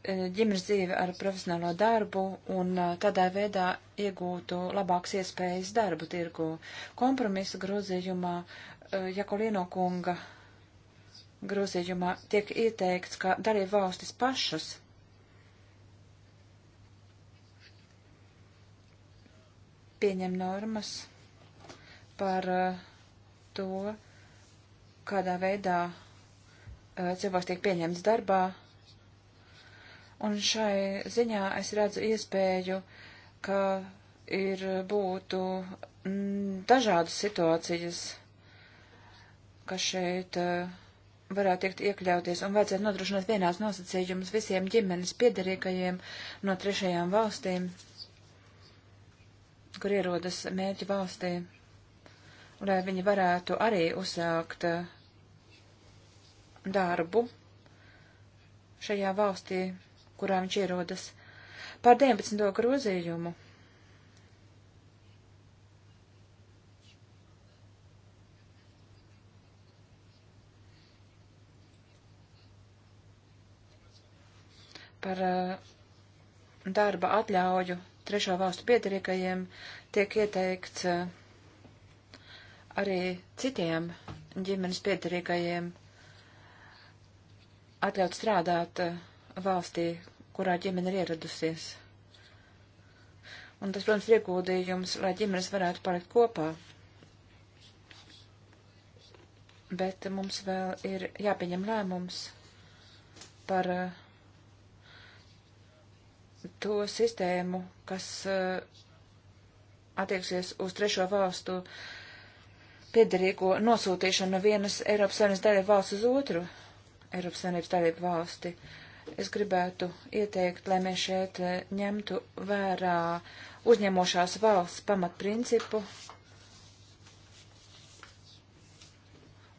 ģimenes dzīvi ar profesionālo darbu un tādā veidā iegūtu labāks iespējas darbu tirgu. Kompromisa grozījumā Jakolino kunga grozījumā tiek ieteikts, ka dalība valstis pašas pieņem normas par to, kādā veidā cilvēks tiek pieņemts darbā Un šai ziņā es redzu iespēju, ka ir būtu dažādas situācijas, kas šeit eh, varētu tikt iekļauties un vajadzētu nodrošināt vienās nosacījumus visiem ģimenes piedarīgajiem no trešajām valstīm, kur ierodas mērķi valstī, lai viņi varētu arī uzsākt eh, darbu šajā valstī kurā viņš ierodas. Par 19. grozījumu. Par uh, darba atļauju trešo valstu piedarīgajiem tiek ieteikts uh, arī citiem ģimenes piedarīgajiem atļaut strādāt uh, valstī, kurā ģimene ir ieradusies. Un tas, protams, ir ieguldījums, lai ģimenes varētu palikt kopā. Bet mums vēl ir jāpieņem lēmums par uh, to sistēmu, kas uh, attieksies uz trešo valstu piedarīgo nosūtīšanu no vienas Eiropas Savienības dalību valsts uz otru Eiropas Savienības dalību valsti. Uh, es gribētu ieteikt, lai mēs šeit eh, ņemtu vērā uzņemošās valsts pamatprincipu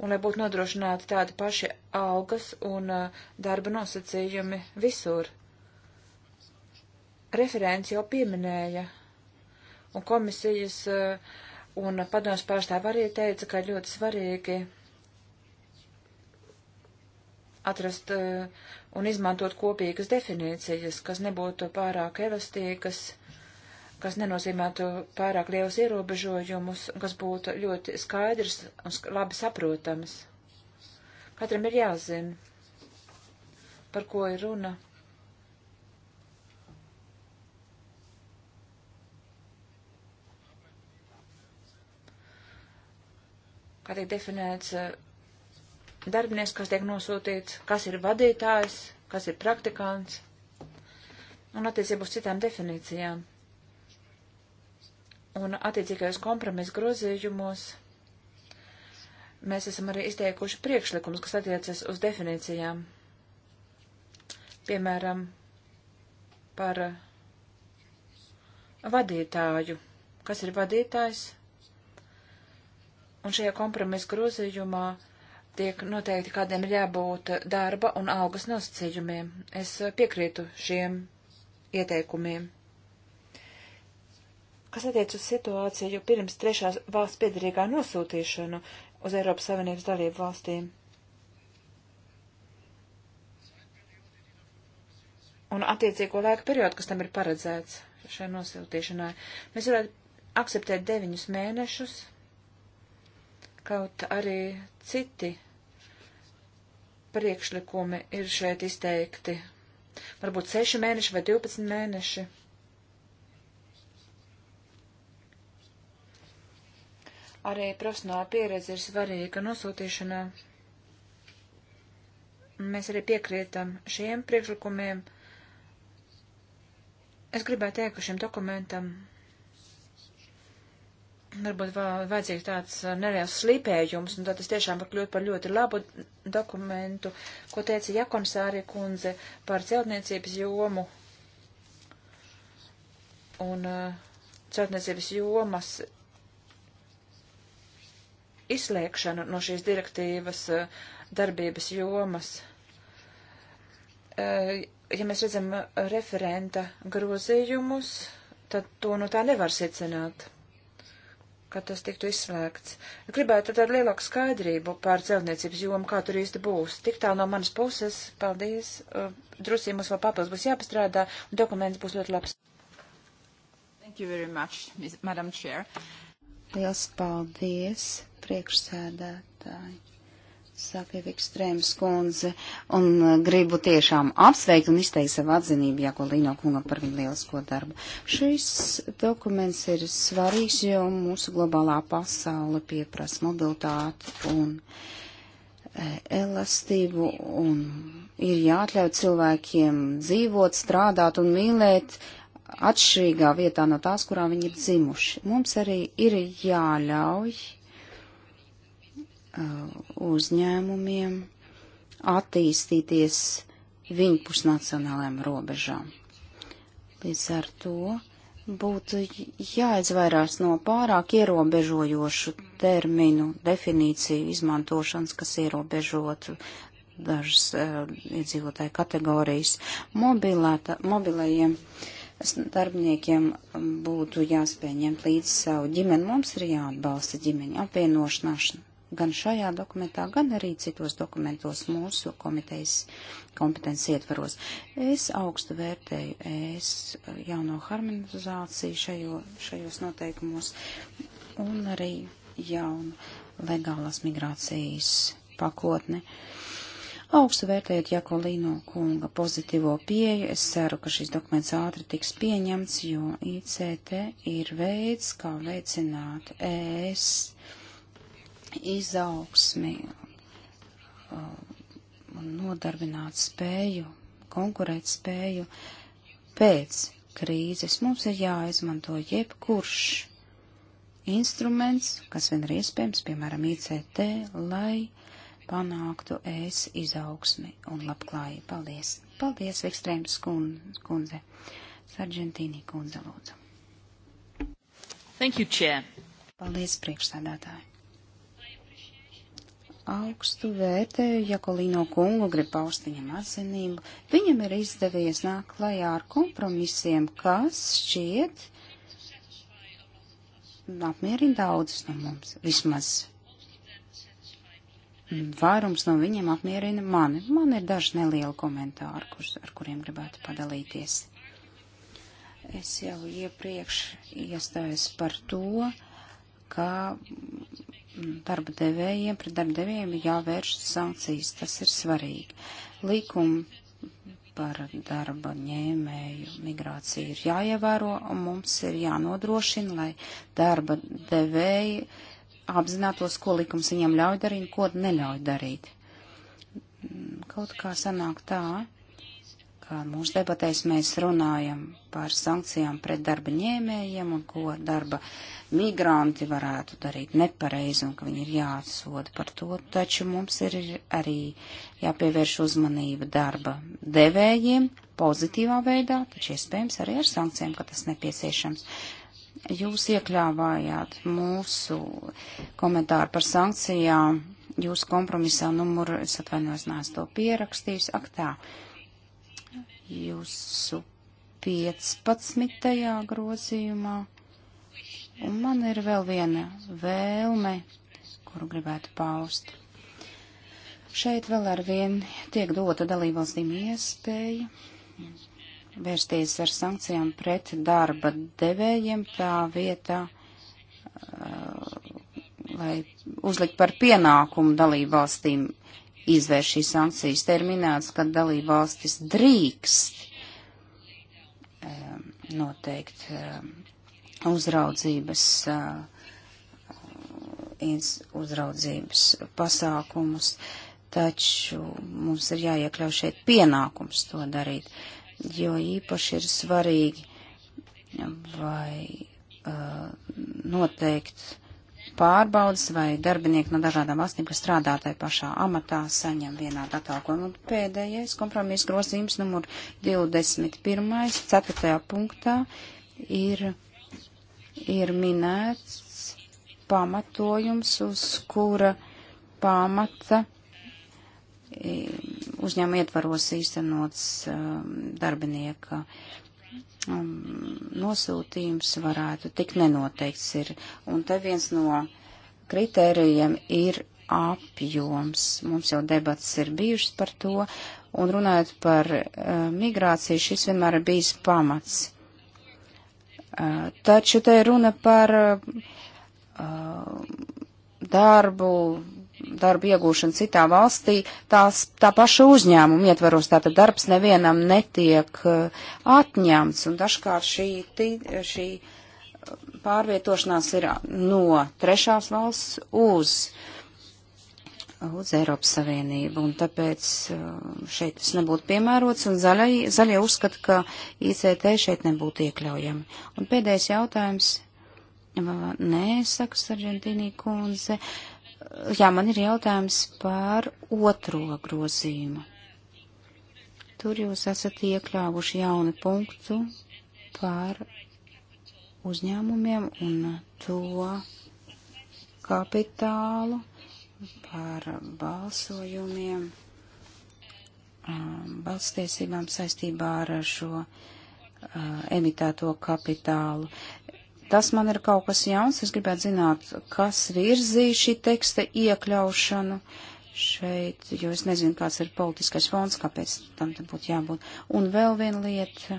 un lai būtu nodrošināti tādi paši algas un eh, darba nosacījumi visur. Referents jau pieminēja, un komisijas eh, un padomas pārstāv arī teica, ka ļoti svarīgi atrast eh, un izmantot kopīgas definīcijas, kas nebūtu pārāk elastīgas, kas nenozīmētu pārāk lielus ierobežojumus, kas būtu ļoti skaidrs un labi saprotams. Katram ir jāzina, par ko ir runa. kā tiek definēts eh, darbinieks, kas tiek nosūtīts, kas ir vadītājs, kas ir praktikants, un attiecībā uz citām definīcijām. Un attiecīgajos kompromisu grozījumos mēs esam arī izteikuši priekšlikumus, kas attiecas uz definīcijām. Piemēram, par vadītāju. Kas ir vadītājs? Un šajā kompromisa grozījumā tiek noteikti, kādiem ir jābūt darba un algas nosacījumiem. Es eh, piekrītu šiem ieteikumiem. Kas attiec uz situāciju pirms trešās valsts piedarīgā nosūtīšanu uz Eiropas Savienības dalību valstīm? Un attiecīgo laika periodu, kas tam ir paredzēts šai nosūtīšanai. Mēs varētu akceptēt deviņus mēnešus, kaut arī citi priekšlikumi ir šeit izteikti. Varbūt 6 mēneši vai 12 mēneši. Arī profesionāla pieredze ir svarīga nosūtīšanā. Mēs arī piekrītam šiem priekšlikumiem. Es gribētu teikt, ka šim dokumentam varbūt vajadzīgs tāds neliels slīpējums, un tad tas tiešām var kļūt par ļoti labu dokumentu, ko teica Jakonsārie kundze par celtniecības jomu. Un uh, celtniecības jomas izslēgšanu no šīs direktīvas uh, darbības jomas. Uh, ja mēs redzam referenta grozījumus, tad to no tā nevar secināt ka tas tiktu izslēgts. Gribētu tad lielāku skaidrību pār celtniecības jomu, kā tur īsti būs. Tik tā no manas puses, paldies. Uh, Drusī mums vēl papildus būs jāpastrādā, un dokuments būs ļoti labs. Thank you very much, Madam Chair.
Liels paldies, priekšsēdētāji saka Vikstrēmas kundze, un uh, gribu tiešām apsveikt un izteikt savu atzinību Jakolino kungam par viņu lielisko darbu. Šis dokuments ir svarīgs, jo mūsu globālā pasaule pieprasa mobilitāti un uh, elastību, un ir jāatļauj cilvēkiem dzīvot, strādāt un mīlēt atšķirīgā vietā no tās, kurā viņi ir dzimuši. Mums arī ir jāļauj Uh, uzņēmumiem attīstīties viņu pusnacionālajām robežām. Līdz ar to būtu jāizvairās no pārāk ierobežojošu terminu definīciju izmantošanas, kas ierobežotu dažas uh, iedzīvotāju kategorijas. Mobilēta, mobilējiem darbiniekiem um, būtu jāspēj ņemt līdzi savu ģimeni. Mums ir jāatbalsta ģimeņa apvienošanāšana gan šajā dokumentā, gan arī citos dokumentos mūsu komitejas kompetences ietvaros. Es augstu vērtēju es jauno harmonizāciju šajo, šajos noteikumos un arī jaunu legālās migrācijas pakotni. Augstu vērtējot Jakolīno kunga pozitīvo pieeju, es ceru, ka šis dokuments ātri tiks pieņemts, jo ICT ir veids, kā veicināt ES izaugsmi uh, un nodarbināt spēju, konkurēt spēju pēc krīzes. Mums ir jāizmanto jebkurš instruments, kas vien ir iespējams, piemēram, ICT, lai panāktu es izaugsmi un labklājību. Paldies! Paldies, Vikstrēms kundze! Sargentīnī kundze lūdzu.
Thank you, Chair.
Paldies, priekšsādātāji augstu vērtēju Jakolino kungu, grib paust viņam atzinību. Viņam ir izdevies nāk klajā ar kompromisiem, kas šķiet apmierina daudzus no mums. Vismaz vairums no viņiem apmierina mani. Man ir daži nelieli komentāri, kur, ar kuriem gribētu padalīties. Es jau iepriekš iestājos par to, ka darba devējiem, pret darba devējiem ir jāvērš sankcijas. Tas ir svarīgi. Līkumi par darba ņēmēju migrāciju ir jāievēro, un mums ir jānodrošina, lai darba devēji apzinātos, ko likums viņam ļauj darīt un ko neļauj darīt. Kaut kā sanāk tā, ka mūsu debatēs mēs runājam par sankcijām pret darba ņēmējiem un ko darba migranti varētu darīt nepareizi un ka viņi ir jāatsoda par to, taču mums ir arī jāpievērš uzmanība darba devējiem pozitīvā veidā, taču iespējams arī ar sankcijām, ka tas nepieciešams. Jūs iekļāvājāt mūsu komentāru par sankcijām jūsu kompromisā numuru, es atvainojos, nāc to pierakstījis aktā. Uh, jūsu 15. grozījumā. Un man ir vēl viena vēlme, kuru gribētu paust. Šeit vēl ar vienu tiek dota dalībvalstīm iespēja vērsties ar sankcijām pret darba devējiem tā vietā, lai uzlikt par pienākumu dalībvalstīm izvērš šīs sankcijas. Te ir minēts, ka dalība valstis drīkst um, noteikt um, uzraudzības, uh, uzraudzības pasākumus, taču mums ir jāiekļauj šeit pienākums to darīt, jo īpaši ir svarīgi vai uh, noteikt, pārbaudas, vai darbinieki no dažādām valstīm, kas strādā tajā pašā amatā, saņem vienādu atalgojumu. Un pēdējais kompromiss grozījums numur 21. 4. punktā ir, ir minēts pamatojums, uz kura pamata e, uzņēmuma ietvaros īstenots um, darbinieka uh, nosūtījums varētu tik nenoteikts ir. Un te viens no kritērijiem ir apjoms. Mums jau debats ir bijušas par to, un runājot par uh, migrāciju, šis vienmēr ir bijis pamats. Uh, taču te runa par uh, darbu, darba iegūšana citā valstī, tās, tā paša uzņēmuma ietvaros, tātad darbs nevienam netiek uh, atņemts, un dažkārt šī, šī uh, pārvietošanās ir no trešās valsts uz, uz Eiropas Savienību, un tāpēc uh, šeit tas nebūtu piemērots, un zaļai, zaļie uzskata, ka ICT šeit nebūtu iekļaujami. Un pēdējais jautājums. Nē, saka Sargentīnī kundze. Uh, jā, man ir jautājums par otro grozījumu. Tur jūs esat iekļāvuši jaunu punktu par uzņēmumiem un to kapitālu, par balsojumiem, um, balstiesībām saistībā ar šo uh, emitēto kapitālu. Tas man ir kaut kas jauns. Es gribētu zināt, kas virzīja šī teksta iekļaušanu šeit, jo es nezinu, kāds ir politiskais fonds, kāpēc tam te būtu jābūt. Un vēl viena lieta,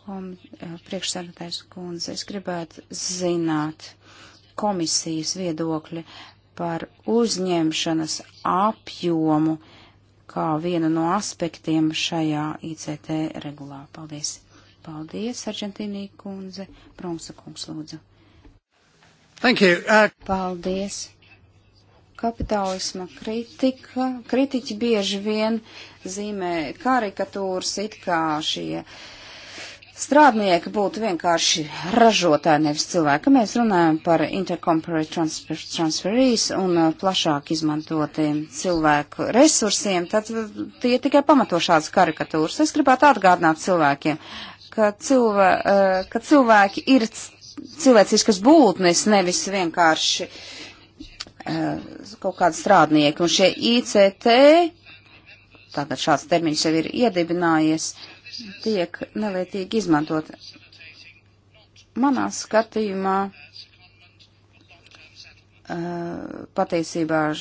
ko eh, priekšsēdētājs kundze, es gribētu zināt komisijas viedokļi par uzņemšanas apjomu kā vienu no aspektiem šajā ICT regulā. Paldies! Paldies, Argentīnī kundze. Promsa kungs lūdzu. Thank you. Uh... Paldies. Kapitālisma kritika, kritiķi bieži vien zīmē karikatūras it kā šie strādnieki būtu vienkārši ražotāji, nevis cilvēki. Mēs runājam par intercomparate transfer, transferees un uh, plašāk izmantotiem cilvēku resursiem, tad tie tikai pamato šādas karikatūras. Es gribētu atgādināt cilvēkiem, ka, cilvē, eh, ka cilvēki ir cilvēciskas būtnes, nevis vienkārši eh, kaut kādi strādnieki. Un šie ICT, tātad šāds termiņš jau ir iedibinājies, tiek nelietīgi izmantot. Manā skatījumā eh, patiesībā š,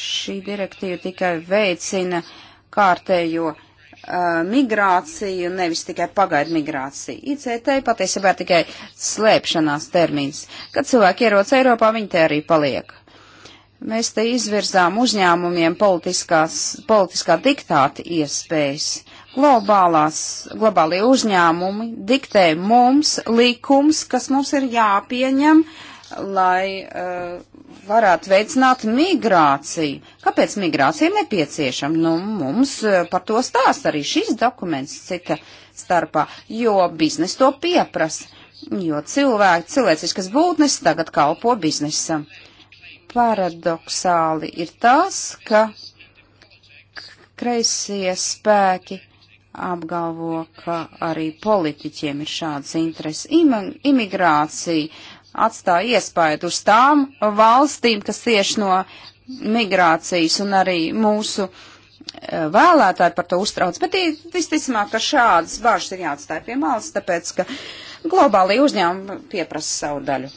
šī direktīva tikai veicina kārtējo Uh, migrāciju, nevis tikai pagaidu migrāciju. ICT patiesībā ir tikai slēpšanās termins. Kad cilvēki ierodas Eiropā, viņi te arī paliek. Mēs te izvirzām uzņēmumiem politiskā diktāta iespējas. Globālās, globālie uzņēmumi diktē mums likums, kas mums ir jāpieņem uh, lai uh, varētu veicināt migrāciju. Kāpēc migrācija ir nepieciešama? Nu, mums uh, par to stāsta arī šis dokuments cita starpā, jo biznes to pieprasa, jo cilvēki, cilvēciskas būtnes tagad kalpo biznesam. Paradoxāli ir tas, ka kreisie spēki apgalvo, ka arī politiķiem ir šāds interesi. Imigrācija atstāja iespaidu uz tām valstīm, kas cieši no migrācijas un arī mūsu eh, vēlētāji par to uztrauc. Bet visticamāk, ka šādas bažas ir jāatstāja pie malas, tāpēc, ka globālī uzņēmumi pieprasa savu daļu.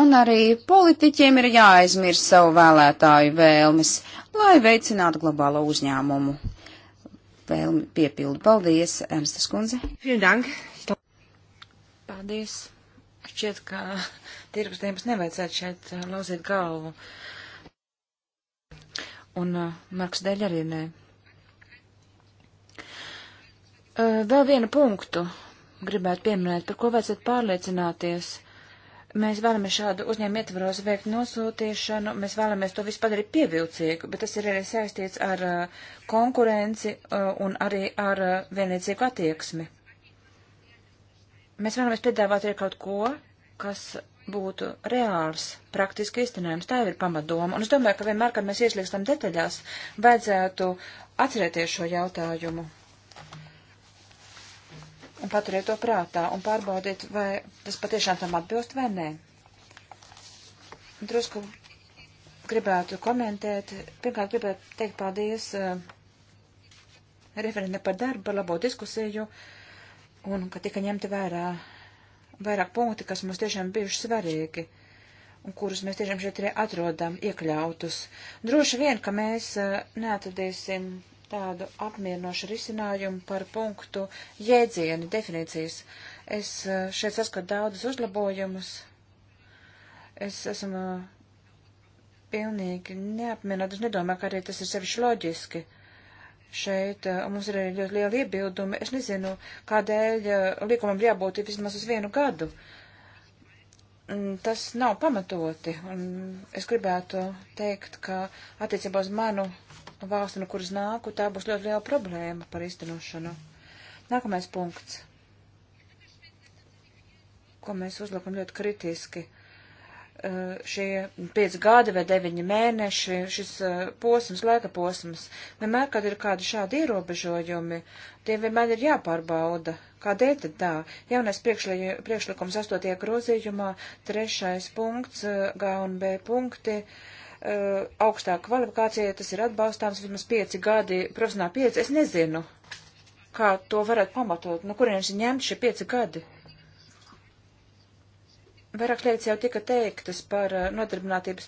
Un arī politiķiem ir jāaizmirst savu vēlētāju vēlmes, lai veicinātu globālo uzņēmumu vēlmi piepildu. Paldies, Ernstas kundze.
Paldies šķiet, ka tirgus tēmas nevajadzētu šeit eh, lauzīt galvu. Un uh, Marks dēļ arī nē. Uh, vēl vienu punktu gribētu pieminēt, par ko vajadzētu pārliecināties. Mēs vēlamies šādu uzņēmumu ietvaros veikt nosūtīšanu, mēs vēlamies to visu padarīt pievilcīgu, bet tas ir arī saistīts ar uh, konkurenci uh, un arī ar uh, vienlīdzīgu attieksmi. Mēs vēlamies piedāvāt arī kaut ko, kas būtu reāls, praktiski iztenējums. Tā jau ir pamatdoma. Un es domāju, ka vienmēr, kad mēs ieslīgstam detaļās, vajadzētu atcerēties šo jautājumu. Un paturiet to prātā un pārbaudiet, vai tas patiešām tam atbilst vai nē. Drusku gribētu komentēt. Pirmkārt, gribētu teikt paldies uh, eh, referentiem par darbu, par labo diskusiju un ka tika ņemti vērā vairāk punkti, kas mums tiešām bijuši svarīgi un kurus mēs tiešām šeit arī atrodam iekļautus. Droši vien, ka mēs eh, neatradīsim tādu apmierinošu risinājumu par punktu jēdzienu definīcijas. Es eh, šeit saskatu daudzus uzlabojumus. Es esmu eh, pilnīgi neapmierināta. Es nedomāju, ka arī tas ir sevišķi loģiski. Uh, šeit, un eh, mums ir arī ļoti liela iebildumi. Es nezinu, kādēļ eh, likumam ir jābūt vismaz uz vienu gadu. Mm, tas nav pamatoti, un es gribētu teikt, ka attiecībā uz manu valsti, no kuras nāku, tā būs ļoti liela problēma par iztenošanu. Nākamais punkts, ko mēs uzlakam ļoti kritiski Eh, šie pieci gadi vai deviņi mēneši, šis eh, posms, laika posms, vienmēr, kad ir kādi šādi ierobežojumi, tie vienmēr ir jāpārbauda. Kādēļ tad tā? Jaunais priekšlikums astotie grozījumā, trešais punkts, eh, G un B punkti. Uh, augstā kvalifikācija, tas ir atbalstāms, vismaz pieci gadi, profesionāli pieci, es nezinu, kā to varētu pamatot, no nu, kurienes ir ņemti šie pieci gadi. Uh, Vairāk lietas jau tika teiktas par eh, nodarbinātības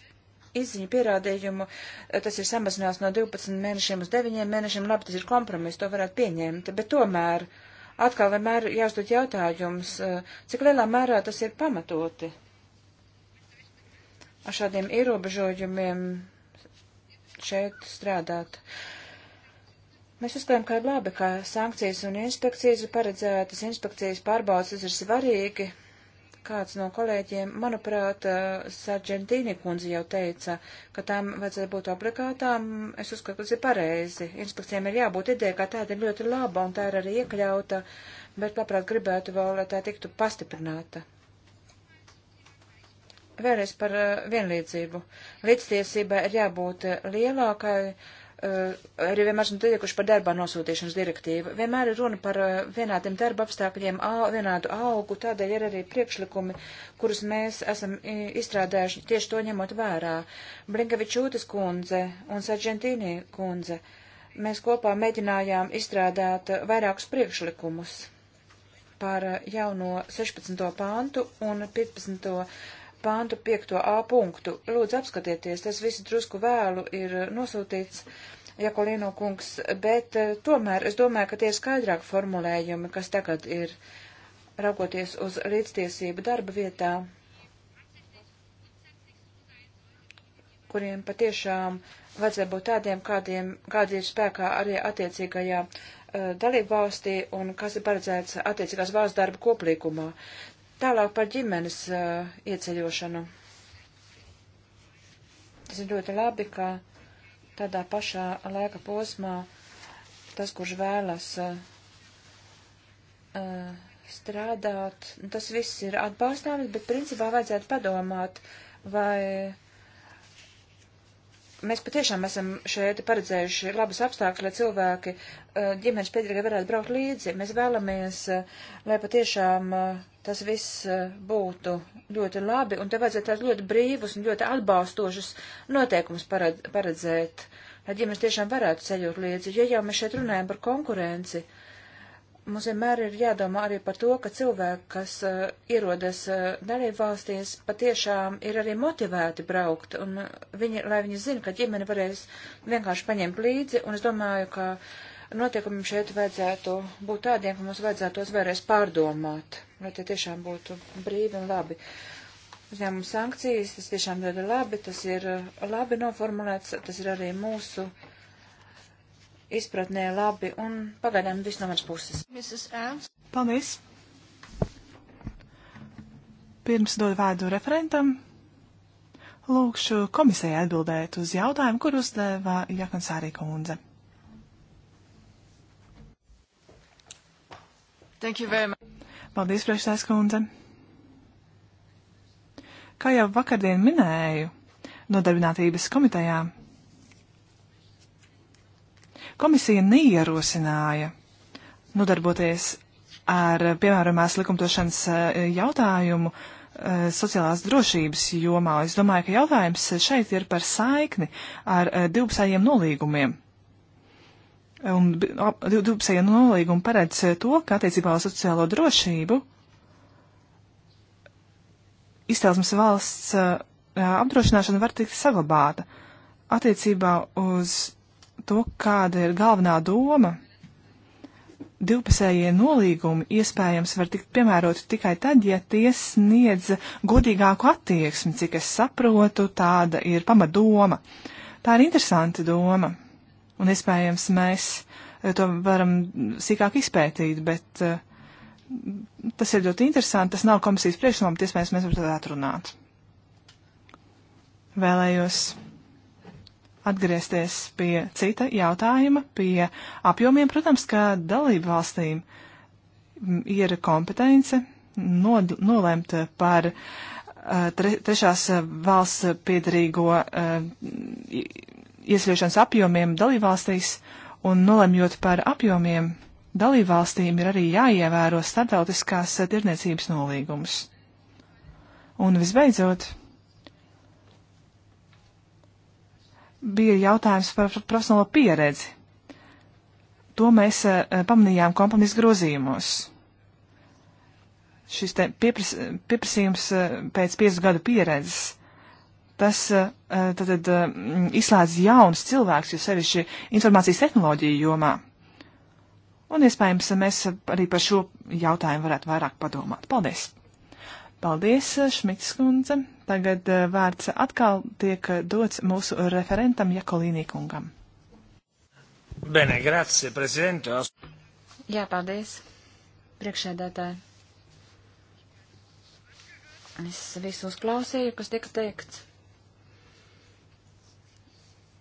izziņu pierādījumu. Eh, tas ir samazinās no 12 mēnešiem uz 9 mēnešiem. Labi, tas ir kompromiss, to varētu pieņemt. Bet tomēr atkal vienmēr jāuzdod jautājums, eh, cik lielā mērā tas ir pamatoti ar šādiem ierobežojumiem šeit strādāt. Mēs uzskatām, ka ir labi, ka sankcijas un inspekcijas ir paredzētas, inspekcijas pārbaudas, tas ir svarīgi, kāds no kolēģiem, manuprāt, eh, Sargentīni kundze jau teica, ka tām vajadzētu būt obligātām. Es uzskatu, ka tas ir pareizi. Inspekcijām ir jābūt ideja, ka tāda ir ļoti laba un tā ir arī iekļauta, bet labprāt gribētu vēl, lai tā tiktu pastiprināta. Vēlreiz par eh, vienlīdzību. Līdztiesībai ir jābūt eh, lielākai Eh, arī vienmēr esmu tiekuši par darbā nosūtīšanas direktīvu. Vienmēr ir runa par eh, vienādiem darba apstākļiem, vienādu augu, tādēļ ir arī priekšlikumi, kurus mēs esam izstrādājuši tieši to ņemot vērā. Blinkevičūtas kundze un Sargentīnī kundze. Mēs kopā mēģinājām izstrādāt vairākus priekšlikumus par eh, jauno 16. pāntu un 15 pāntu 5a punktu. Lūdzu, apskatieties, tas viss drusku vēlu ir nosūtīts Jakolino kungs, bet eh, tomēr es domāju, ka tie ir skaidrāk formulējumi, kas tagad ir raugoties uz līdztiesību darba vietā, kuriem patiešām vajadzēja būt tādiem, kādiem, kādi ir spēkā arī attiecīgajā uh, eh, dalībvalstī un kas ir paredzēts attiecīgās valsts darba koplīgumā. Tālāk par ģimenes uh, ieceļošanu. Tas ir ļoti labi, ka tādā pašā laika posmā tas, kurš vēlas uh, strādāt, tas viss ir atbalstāms, bet principā vajadzētu padomāt, vai mēs patiešām esam šeit paredzējuši labus apstākļus, lai cilvēki eh, ģimenes piedarīgi varētu braukt līdzi. Mēs vēlamies, eh, lai patiešām eh, tas viss būtu ļoti labi, un te vajadzētu tādus ļoti brīvus un ļoti atbalstošus noteikumus paredzēt, lai ģimenes tiešām varētu ceļot līdzi. Ja jau mēs šeit runājam par konkurenci, uh, mums vienmēr ir jādomā arī par to, ka cilvēki, kas uh, ierodas uh, dalībvalstīs, patiešām ir arī motivēti braukt, un viņi, lai viņi zina, ka ģimene varēs vienkārši paņemt līdzi, un es domāju, ka notiekumiem šeit vajadzētu būt tādiem, ka mums vajadzētu tos vēlreiz pārdomāt, lai tie tiešām būtu brīvi un labi. Uzņēmuma sankcijas, tas tiešām ļoti labi, tas ir eh, labi noformulēts, tas ir arī mūsu. Uh, izpratnē labi un pagaidām viss
no manas puses. Paldies! Pirms dod vārdu referentam, lūkšu komisijai atbildēt uz jautājumu, kur uzdeva Jakonsārī kundze. Paldies, priekšstājas kundze! Kā jau vakardien minēju, nodarbinātības komitejā Komisija neierosināja nodarboties ar piemērojumās likumdošanas eh, jautājumu eh, sociālās drošības jomā. Es domāju, ka jautājums šeit ir par saikni ar eh, divpusējiem nolīgumiem. Un divpusējie nolīgumi paredz to, ka attiecībā uz sociālo drošību izcelsmes valsts apdrošināšana var tikt saglabāta. Attiecībā uz to, kāda ir galvenā doma, divpusējie nolīgumi iespējams var tikt piemēroti tikai tad, ja tie sniedz godīgāku attieksmi, cik es saprotu, tāda ir pamatdoma. Tā ir interesanta doma, un iespējams mēs eh, to varam sīkāk izpētīt, bet uh, tas ir ļoti interesanti, tas nav komisijas priekšlikums, bet iespējams mēs varam tādā atrunāt. Vēlējos atgriezties pie cita jautājuma, pie apjomiem. Protams, ka dalību valstīm ir kompetence nod, nolemt par eh, tre, trešās valsts piedarīgo eh, iesļošanas apjomiem dalībvalstīs un nolemjot par apjomiem dalībvalstīm ir arī jāievēro starptautiskās tirniecības nolīgumus. Un visbeidzot, bija jautājums par profesionālo pieredzi. To mēs eh, pamanījām kompanijas grozījumos. Šis piepras, pieprasījums eh, pēc piecu gadu pieredzes, tas eh, tad, tad mm, izslēdz jaunus cilvēkus, jo sevišķi informācijas tehnoloģiju jomā. Un iespējams, mēs arī par šo jautājumu varētu vairāk padomāt. Paldies! Paldies, Šmits kundze, tagad eh, vārds atkal tiek dots mūsu referentam Jakolīnī kungam. Bene, grazie, prezidentos.
Jā, paldies, priekšēdētāji. Es visu uzklausīju, kas tika teikts.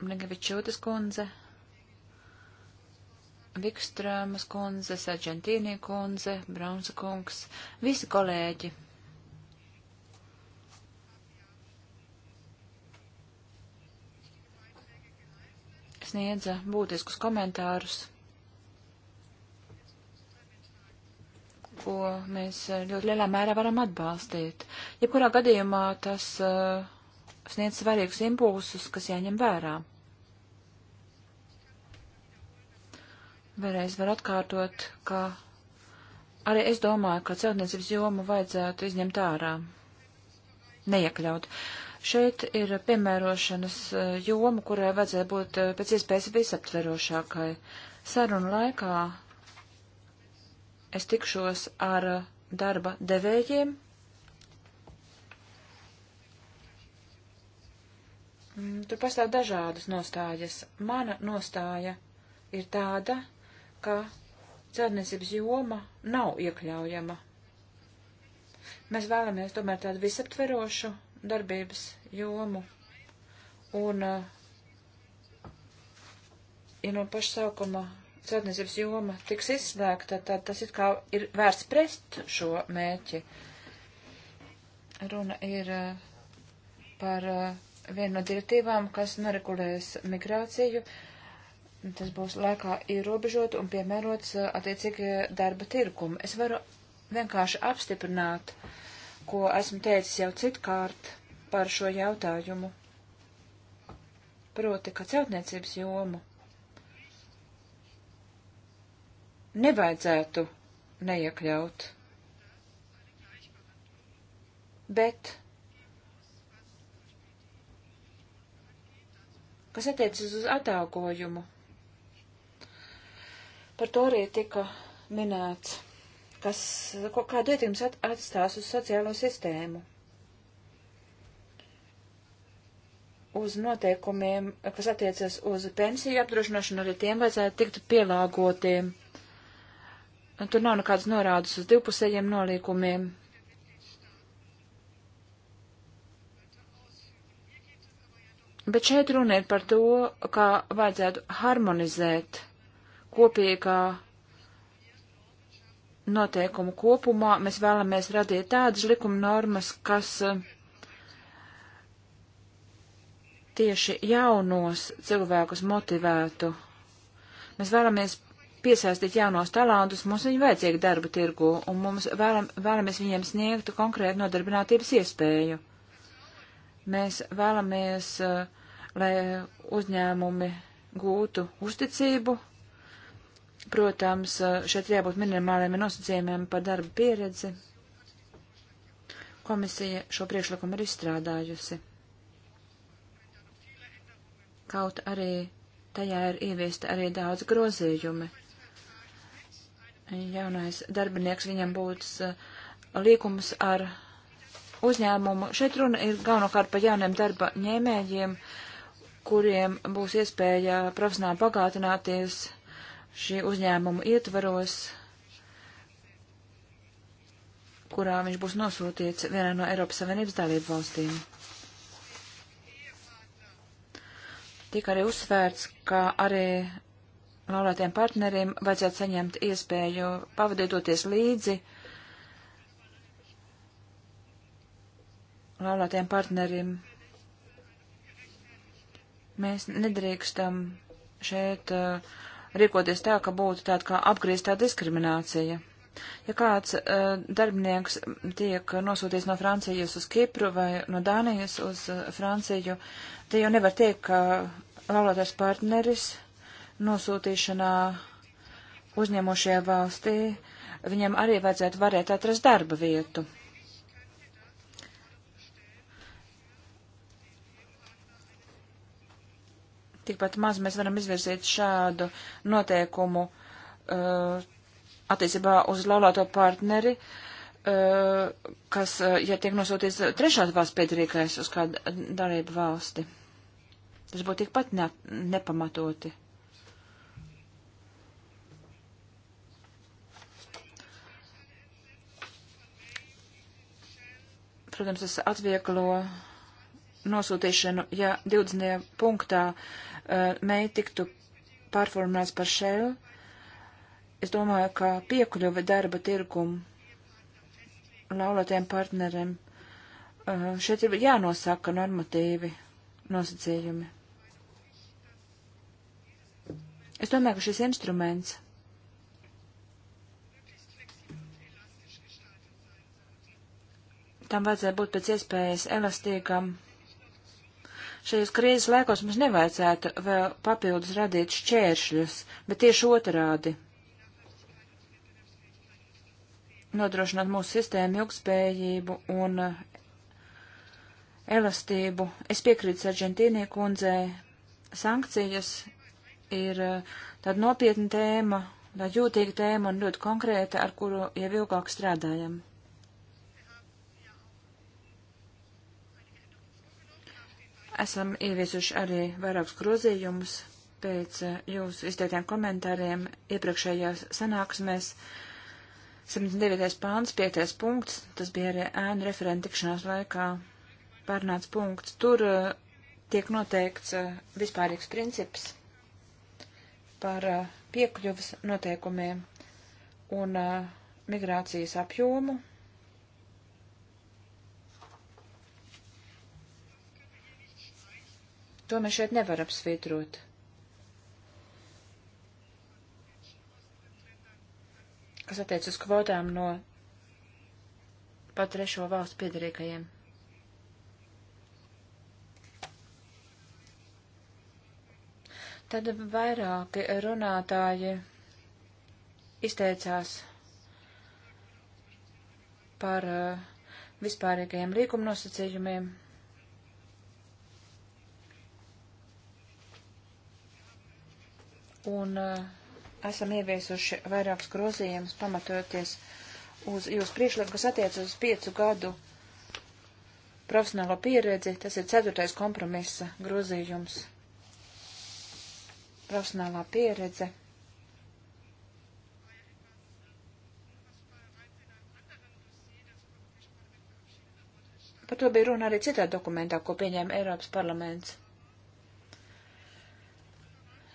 Negavičūtas kundze, Vikstrāmas kundze, Sargentīnī kundze, Braunsa kungs, visi kolēģi sniedza būtiskus komentārus, ko mēs ļoti lielā mērā varam atbalstīt. Jebkurā gadījumā tas uh, sniedz svarīgus impulsus, kas jāņem vērā. Vēlreiz var atkārtot, ka arī es domāju, ka celtniecības jomu vajadzētu izņemt ārā. Neiekļaut. Uh, Šeit ir piemērošanas eh, joma, kurai vajadzēja būt eh, pēc iespējas visaptverošākai. Sarunu laikā es tikšos ar eh, darba devējiem. Mm, tur pastāv dažādas nostājas. Mana nostāja ir tāda, ka celtniecības joma nav iekļaujama. Mēs vēlamies tomēr tādu visaptverošu darbības jomu. Un, eh, ja no paša sākuma celtniecības joma tiks izslēgta, tad tas it kā ir vērsts pret šo mēķi. Runa ir eh, par eh, vienu no direktīvām, kas neregulēs migrāciju. Tas būs laikā ierobežot un piemērots attiecīgi darba tirkumu. Es varu vienkārši apstiprināt uh, ko esmu teicis jau citkārt par šo jautājumu. Proti, ka celtniecības jomu nevajadzētu neiekļaut. Bet, kas attiecas uz atalgojumu, par to arī tika minēts kas, ko, kādu ietekmes at, atstās uz sociālo sistēmu. Uz noteikumiem, kas attiecas uz pensiju apdrošināšanu, arī tiem vajadzētu tikt pielāgotiem. Tur nav nekādas norādes uz divpusējiem nolīkumiem. Bet šeit runa ir par to, kā vajadzētu harmonizēt kopīgā noteikumu kopumā mēs vēlamies radīt tādas likuma normas, kas eh, tieši jaunos cilvēkus motivētu. Mēs vēlamies piesaistīt jaunos talantus, mums viņi vajadzīgi darba tirgu, un mums vēlam, vēlamies viņiem sniegt konkrētu nodarbinātības iespēju. Mēs vēlamies, eh, lai uzņēmumi gūtu uzticību Protams, eh, šeit jābūt minimāliem nosacījumiem par darba pieredzi. Komisija šo priekšlikumu ir izstrādājusi. Kaut arī tajā ir ieviesta arī daudz grozījumi. Jaunais darbinieks viņam būs eh, līkums ar uzņēmumu. Šeit runa ir galvenokārt par jauniem darba ņēmējiem, kuriem būs iespēja profesionāli pagātināties šī uzņēmuma ietvaros, kurā viņš būs nosūtīts vienā no Eiropas Savienības dalību valstīm. Tika arī uzsvērts, ka arī laulātiem partneriem vajadzētu saņemt iespēju pavadītoties līdzi laulātiem partnerim. Mēs nedrīkstam šeit uh, rīkoties tā, ka būtu tāda kā apgrieztā diskriminācija. Ja kāds uh, darbinieks tiek nosūtīts no Francijas uz Kipru vai no Dānijas uz uh, Franciju, te jau nevar teikt, ka laulātais partneris nosūtīšanā uzņemošajā valstī viņiem arī vajadzētu varēt atrast darba vietu. tikpat maz mēs varam izvirzīt šādu noteikumu uh, attiecībā uz laulāto partneri, uh, kas, uh, ja tiek nosūtīts trešās valsts piedarīgais uz kādu darību valsti. Tas būtu tikpat ne, nepamatoti. Protams, tas atvieglo nosūtīšanu, ja 20. punktā uh, mei tiktu pārformulēts par šēlu, es domāju, ka piekļuve darba tirgumu laulātiem partneriem uh, šeit ir jānosaka normatīvi nosacījumi. Es domāju, ka šis instruments tam vajadzēja būt pēc iespējas elastīgam Šajos krīzes laikos mums nevajadzētu vēl papildus radīt šķēršļus, bet tieši otrādi nodrošināt mūsu sistēmu ilgspējību un elastību. Es piekrītu Sargentīnī kundzē, sankcijas ir eh, tāda nopietna tēma, tāda jūtīga tēma un ļoti konkrēta, ar kuru jau ilgāk strādājam. esam ieviesuši arī vairākus grozījumus pēc eh, jūsu izteiktiem komentāriem iepriekšējās sanāksmēs. 79. pāns, 5. punkts, tas bija arī ēnu referenta tikšanās laikā pārnāts punkts. Tur uh, tiek noteikts uh, vispārīgs princips par uh, piekļuvas noteikumiem un migrācijas apjomu To mēs šeit nevar apsvietrot. Kas attiec uz kvotām no pat trešo valstu piedarīgajiem. Tad vairāki runātāji izteicās par uh, vispārīgajiem līguma nosacījumiem. un uh, esam ieviesuši vairākus grozījumus pamatoties uz jūsu priekšlikumu, kas attiec uz piecu gadu profesionālo pieredzi. Tas ir ceturtais kompromisa grozījums. Profesionālā pieredze. Par to bija runa arī citā dokumentā, ko pieņēma Eiropas parlaments.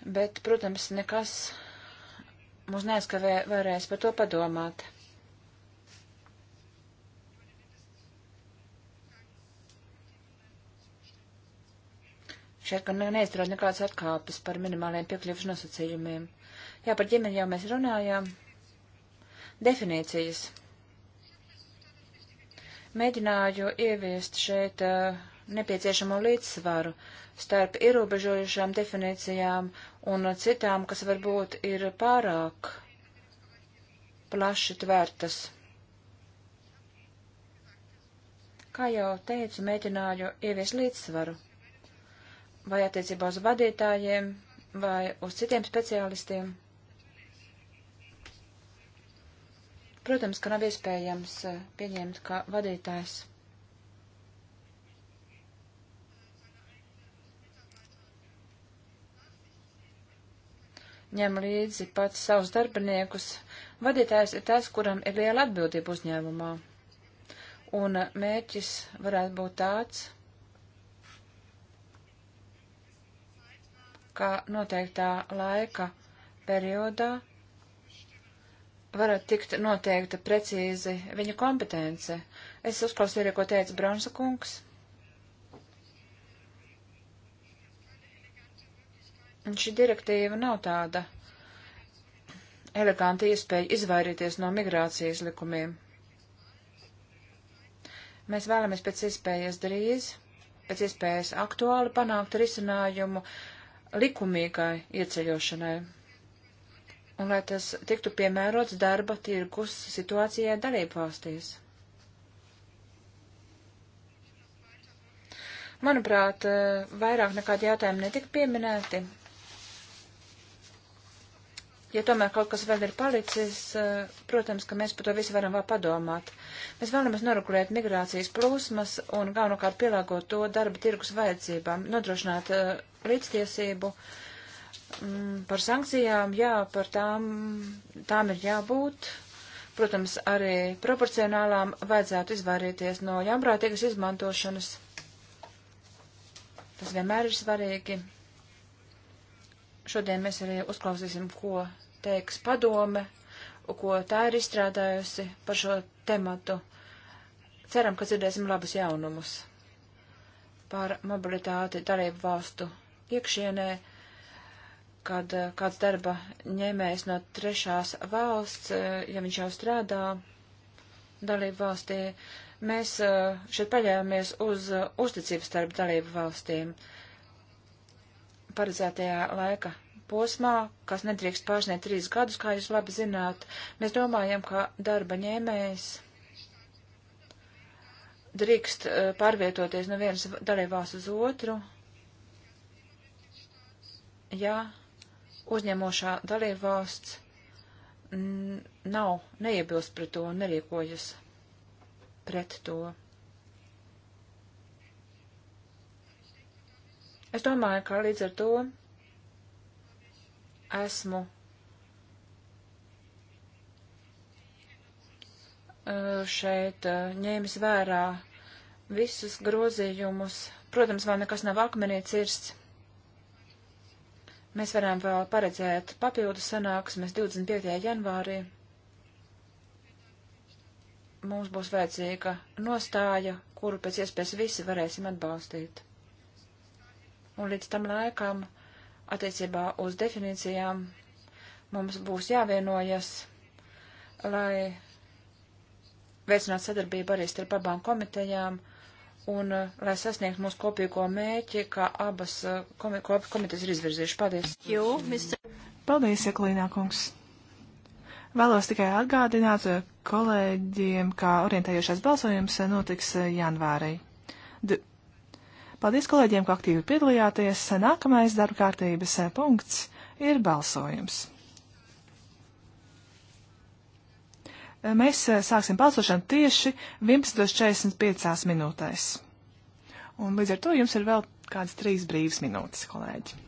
Bet, protams, nekas mums neaizskavē varēs par to padomāt. Šeit gan neizdarot nekādas atkāpes par minimāliem piekļuvas nosacījumiem. Jā, par ģimeni jau mēs runājām. Definīcijas. Mēģināju ieviest šeit uh, nepieciešamo līdzsvaru starp ierobežojušām definīcijām un citām, kas varbūt ir pārāk plaši tvērtas. Kā jau teicu, mēģināju ievies līdzsvaru vai attiecībā uz vadītājiem vai uz citiem speciālistiem. Protams, ka nav iespējams eh, pieņemt, ka vadītājs ņem līdzi pats savus darbiniekus. Vadītājs ir tas, kuram ir liela atbildība uzņēmumā. Un mērķis varētu būt tāds, ka noteiktā laika periodā varat tikt noteikta precīzi viņa kompetence. Es uzklausīju, ko teica Bronsa kungs. Un šī direktīva nav tāda eleganta iespēja izvairīties no migrācijas likumiem. Mēs vēlamies pēc iespējas drīz, pēc iespējas aktuāli panākt risinājumu likumīgai ieceļošanai. Un lai tas tiktu piemērots darba tirgus situācijai dalību valstīs. Manuprāt, vairāk nekādi jautājumi netika pieminēti ja tomēr kaut kas vēl ir palicis, eh, protams, ka mēs par to visu varam vēl padomāt. Mēs vēlamies noregulēt migrācijas plūsmas un galvenokārt pielāgot to darba tirgus vajadzībām, nodrošināt uh, līdztiesību mm, par sankcijām, jā, par tām, tām ir jābūt. Protams, arī proporcionālām vajadzētu izvairīties no jāmprātīgas izmantošanas. Tas vienmēr ir svarīgi. Šodien mēs arī uzklausīsim, ko teiks padome, ko tā ir izstrādājusi par šo tematu. Ceram, ka dzirdēsim labus jaunumus par mobilitāti darību valstu iekšienē, kad eh, kāds darba ņēmējs no trešās valsts, eh, ja viņš jau strādā dalību valstī, mēs eh, šeit paļāvāmies uz uzticību starp dalību valstīm. Uh, paredzētajā laika posmā, kas nedrīkst pārsniegt trīs gadus, kā jūs labi zināt, mēs domājam, ka darba ņēmējs drīkst eh, pārvietoties no vienas dalībās uz otru, ja uzņemošā dalībvalsts nav neiebilst pret to un nerīkojas pret to. Es domāju, ka līdz ar to esmu uh, šeit uh, ņēmis vērā visus grozījumus. Protams, vēl nekas nav akmenī cirsts. Mēs varam vēl paredzēt papildu sanāksmes 25. janvārī. Mums būs vajadzīga nostāja, kuru pēc iespējas visi varēsim atbalstīt. Un līdz tam laikam attiecībā uz definīcijām mums būs jāvienojas, lai veicinātu sadarbību arī starp abām komitejām un uh, lai sasniegtu mūsu kopīgo mēķi, kā abas uh, komi ko komitejas ir izvirzījuši. Paldies! Jū, mister...
Paldies, Jeklīnā kungs! Vēlos tikai atgādināt uh, kolēģiem, kā orientējošais balsojums notiks janvārī. D Paldies kolēģiem, ka aktīvi piedalījāties. Nākamais darba kārtības eh, punkts ir balsojums. Eh, mēs eh, sāksim balsošanu tieši 11.45 minūtēs. Un līdz ar to jums ir vēl kādas trīs brīvas minūtes, kolēģi.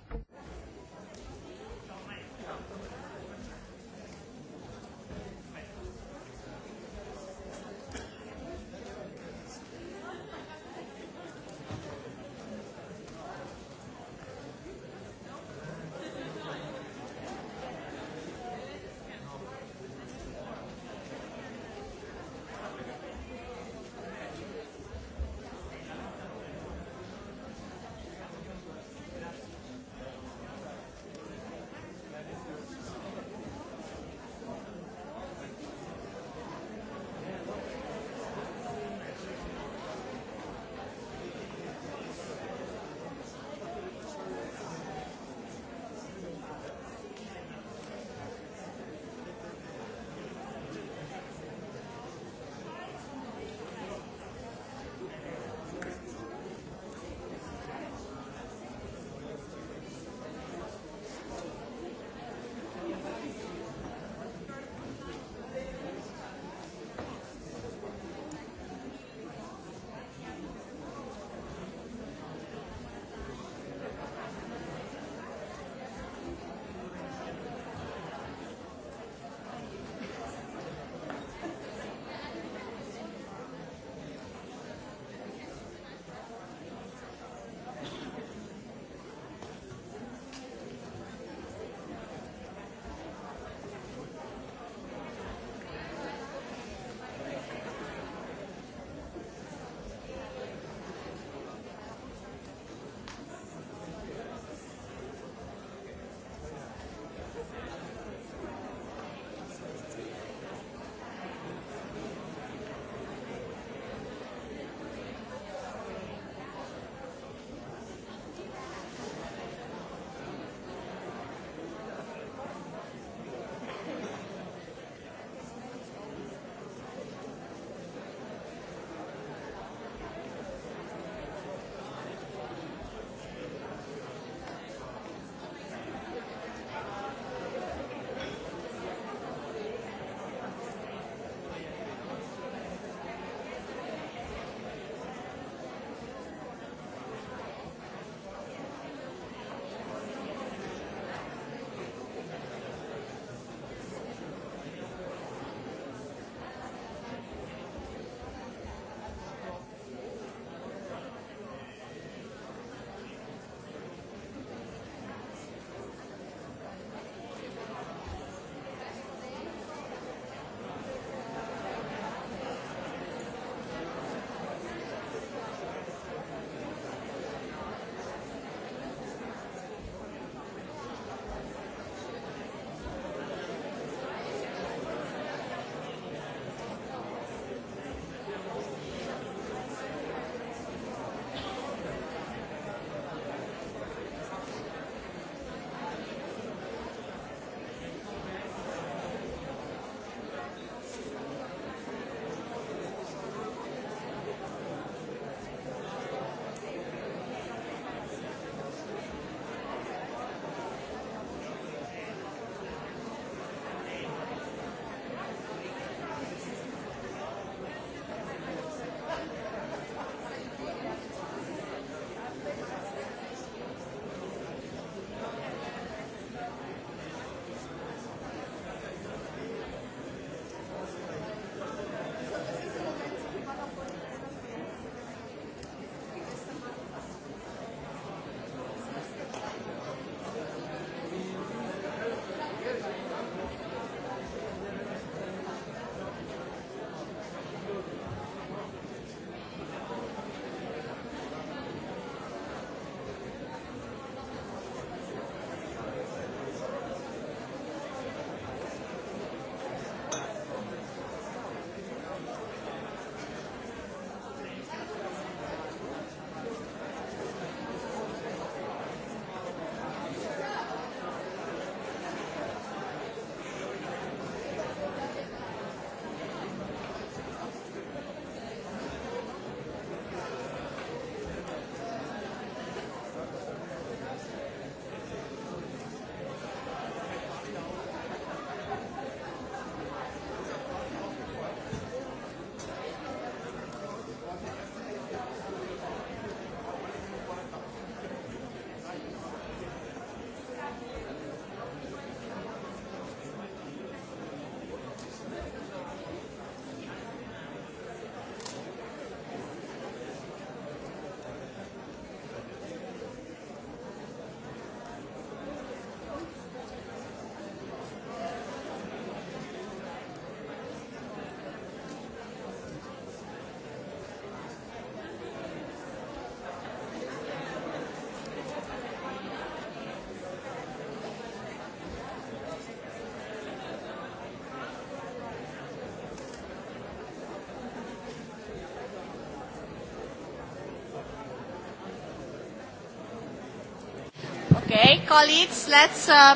Okay, colleagues, let's, uh,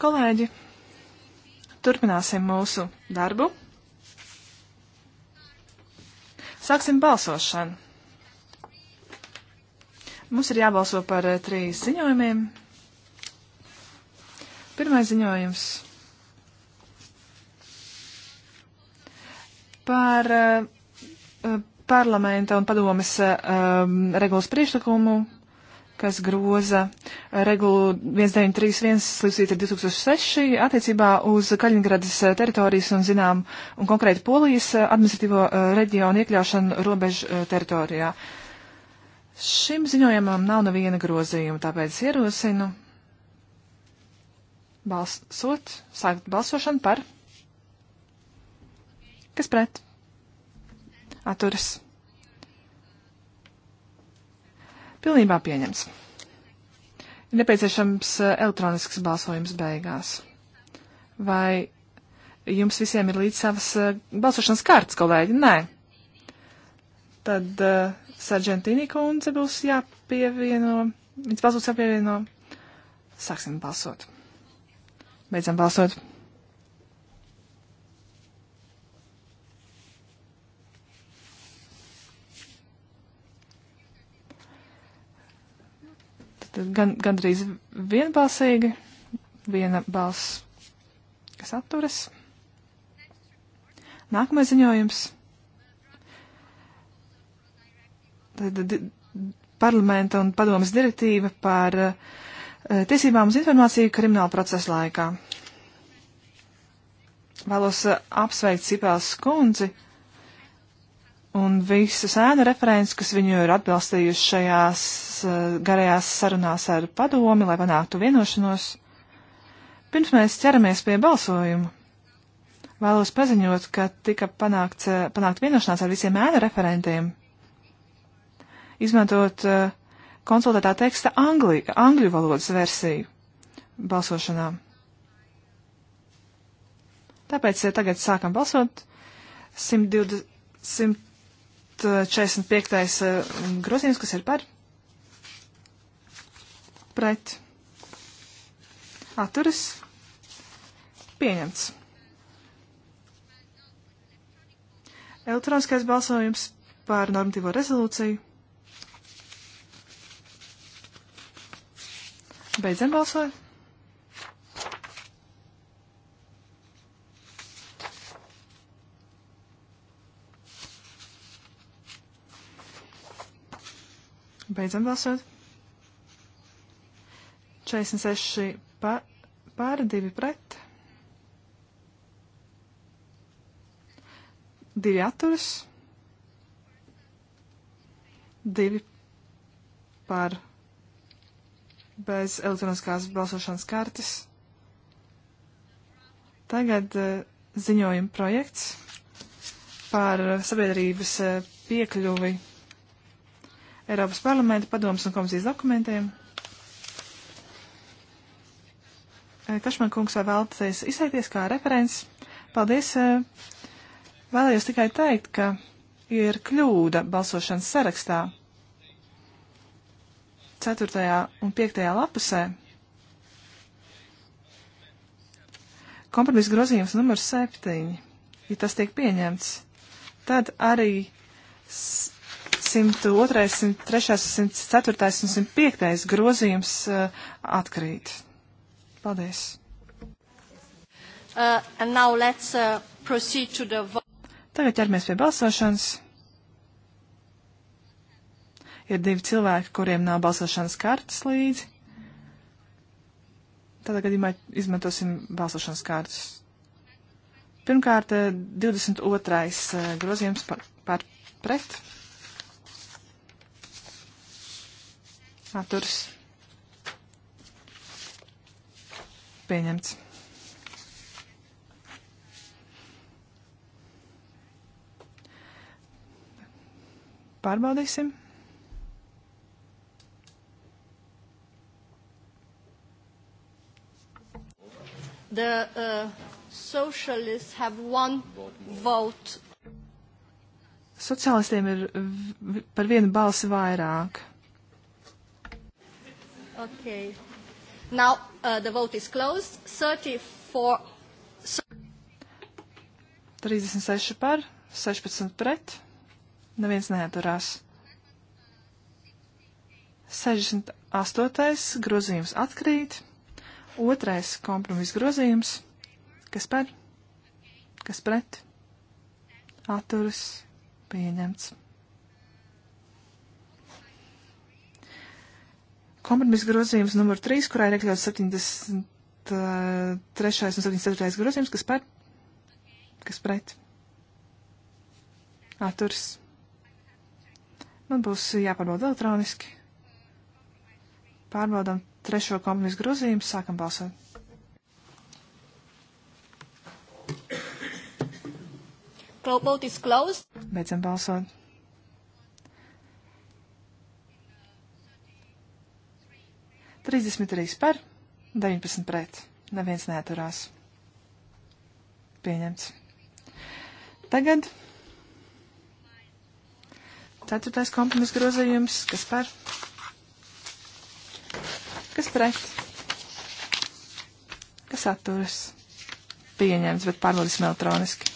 Kolēģi, turpināsim mūsu darbu. Sāksim balsošanu. Mums ir jābalso par uh, trīs ziņojumiem. Pirmais ziņojums par uh, parlamenta un padomes uh, regulas priekšlikumu kas groza regulu 1931 līdz 2006 attiecībā uz Kaļingradas teritorijas un zinām un konkrēti Polijas administratīvo eh, reģionu iekļaušanu robežu eh, teritorijā. Šim ziņojumam nav neviena grozījuma, tāpēc ierosinu balsot, sākt balsošanu par. Kas pret? Atturas. Pilnībā pieņems. Ir nepieciešams eh, elektronisks balsojums beigās. Vai jums visiem ir līdz savas eh, balsošanas kārtas, kolēģi? Nē. Tad uh, Sargentīnī kundze būs jāpievieno. Viņas balsos jāpievieno. Sāksim balsot. Beidzam balsot. Tad gan, gandrīz vienbalsīgi, viena balss, kas atturas. Nākamais ziņojums. Tad parlamenta un padomas direktīva par uh, tiesībām uz informāciju krimināla procesa laikā. Vēlos uh, apsveikt Cipels kundzi un visus ēnu referents, kas viņu ir atbalstījuši šajās eh, garajās sarunās ar padomi, lai panāktu vienošanos. Pirms mēs ķeramies pie balsojuma, vēlos paziņot, ka tika panākts, eh, panākt vienošanās ar visiem ēnu referentiem, izmantot eh, konsultētā teksta angli, angļu valodas versiju balsošanā. Tāpēc ja tagad sākam balsot 120. 100 45. Eh, grozījums, kas ir par pret atturas pieņemts. Elektroniskais balsojums par normatīvo rezolūciju. Beidzam balsot. Beidzam balsot. 46 pa, pār, 2 pret. 2 atturas. 2 pār bez elektroniskās balsošanas kartes. Tagad uh, ziņojuma projekts par sabiedrības uh, piekļuvi Eiropas parlamenta padomas un komisijas dokumentiem. Eh, Kašman kungs vēl vēlaties izsaities kā referents. Paldies! Eh, vēlējos tikai teikt, ka ir kļūda balsošanas sarakstā. 4. un 5. lapusē kompromisa grozījums numur 7, ja tas tiek pieņemts, tad arī 102, 103, 104 un 105 grozījums uh, atkrīt. Paldies.
Uh, uh, the...
Tagad ķeramies pie balsošanas. Ir divi cilvēki, kuriem nav balsošanas kartes līdzi. Tādā gadījumā izmantosim balsošanas kārtas. Pirmkārt, 22. Uh, uh, grozījums par, par pret. Atturs. Pieņemts. Pārbaudīsim. The uh, socialists have one vote. Sociālistiem ir par vienu balsi vairāk. Okay.
Now uh, the vote is closed. 34.
36 par, 16 pret. Neviens neaturās. 68. grozījums atkrīt. Otrais kompromiss grozījums. Kas par? Kas pret? Atturas pieņemts. kompromisa grozījums numur 3, kurā ir iekļauts 73. un 74. grozījums, kas par, kas pret, atturs. Man būs jāpārbauda elektroniski. Pārbaudām trešo kompromisa grozījumu, sākam balsot. Beidzam balsot. 33 par, 19 pret. Neviens neaturās. Pieņemts. Tagad ceturtais kompromis grozījums, kas par, kas pret, kas atturas. Pieņemts, bet pārbaudīsim elektroniski.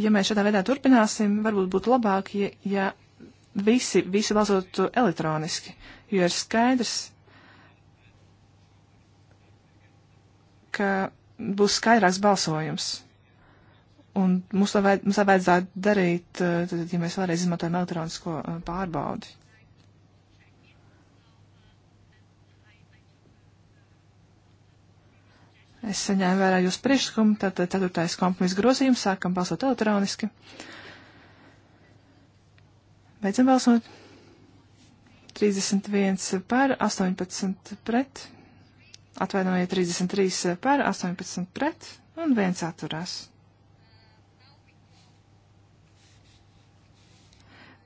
Ja mēs šādā veidā turpināsim, varbūt būtu labāk, ja, ja visi, visi balsotu elektroniski, jo ir skaidrs, ka būs skaidrāks balsojums. Un mums tā, vajad, mums tā vajadzētu darīt, eh, tad, ja mēs vēlreiz izmantojam elektronisko eh, pārbaudi. Es saņēmu vērā jūsu priekšlikumu, tātad ceturtais kompromiss grozījums, sākam balsot elektroniski. Uh, Beidzam balsot. 31 par, 18 pret. Atvainojiet, 33 par, 18 pret un viens atturās.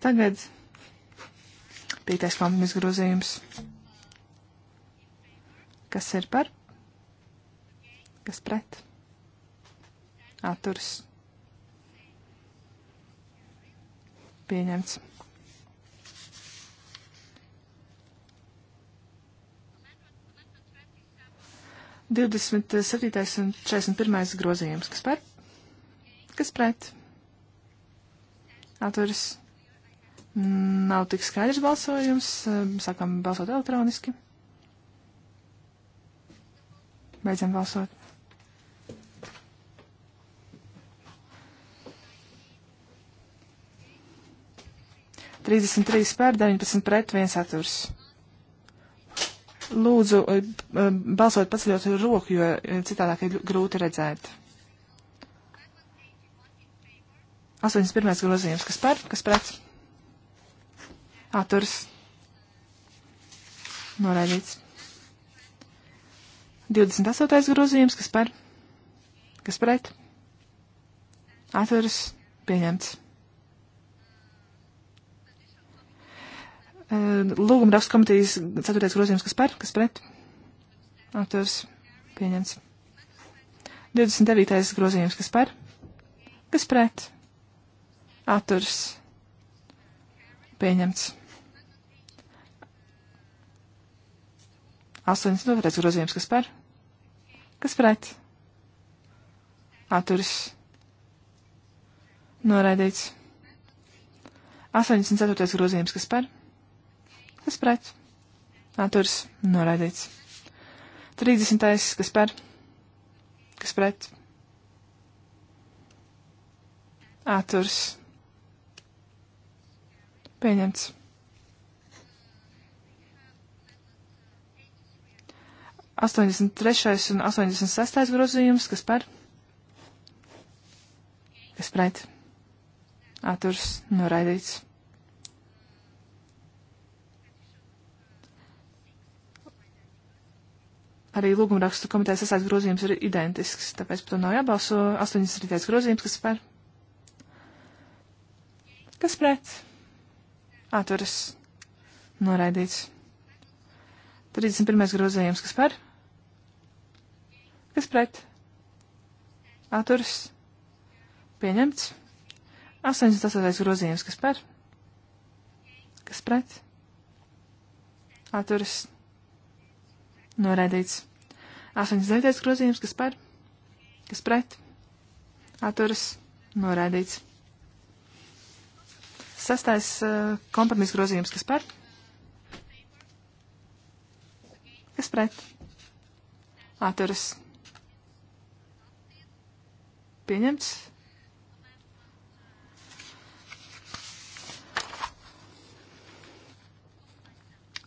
Tagad pietais kompromis grozījums. Kas ir par? Kas pret? Atturs. Pieņemts. 27. un 41. grozījums. Kas par? Kas pret? Atveris. Nav tik skaidrs balsojums. Sākam balsot elektroniski. Beidzam balsot. Trīsdesmit trīs pār, deviņpadsmit pret, viens atturs. Lūdzu, eh, eh, balsot paceļot roku, jo eh, citādāk ir grūti redzēt. 81. grozījums, kas par, kas pret? Atturs. Noraidīts. 28. grozījums, kas par, kas pret? Atturs. Pieņemts. Eh, lūguma rakstu komitejas ceturtais grozījums, kas par, kas pret. Aktors pieņemts. 29. grozījums, kas par, kas pret. Atturs pieņemts. 80. grozījums, kas par, kas pret. Atturs noraidīts. 84. grozījums, kas par kas pret, atturs noraidīts. 30. kas par, kas pret, atturs pieņemts. Astoņdesmit trešais un astoņdesmit sestais grozījums, kas par, kas pret, atturs noraidīts. arī lūgumrakstu komitejas sasāks grozījums ir identisks, tāpēc par to nav jābalso. 80. grozījums, kas par? Kas pret? Atveras. Noraidīts. 31. grozījums, kas par? Kas pret? Atveras. Pieņemts. 88. grozījums, kas par? Kas pret? Atveras Noraidīts. 89. grozījums, kas par, kas pret, atturas, noraidīts. Sastais uh, kompromis grozījums, kas par, kas pret, atturas, pieņemts.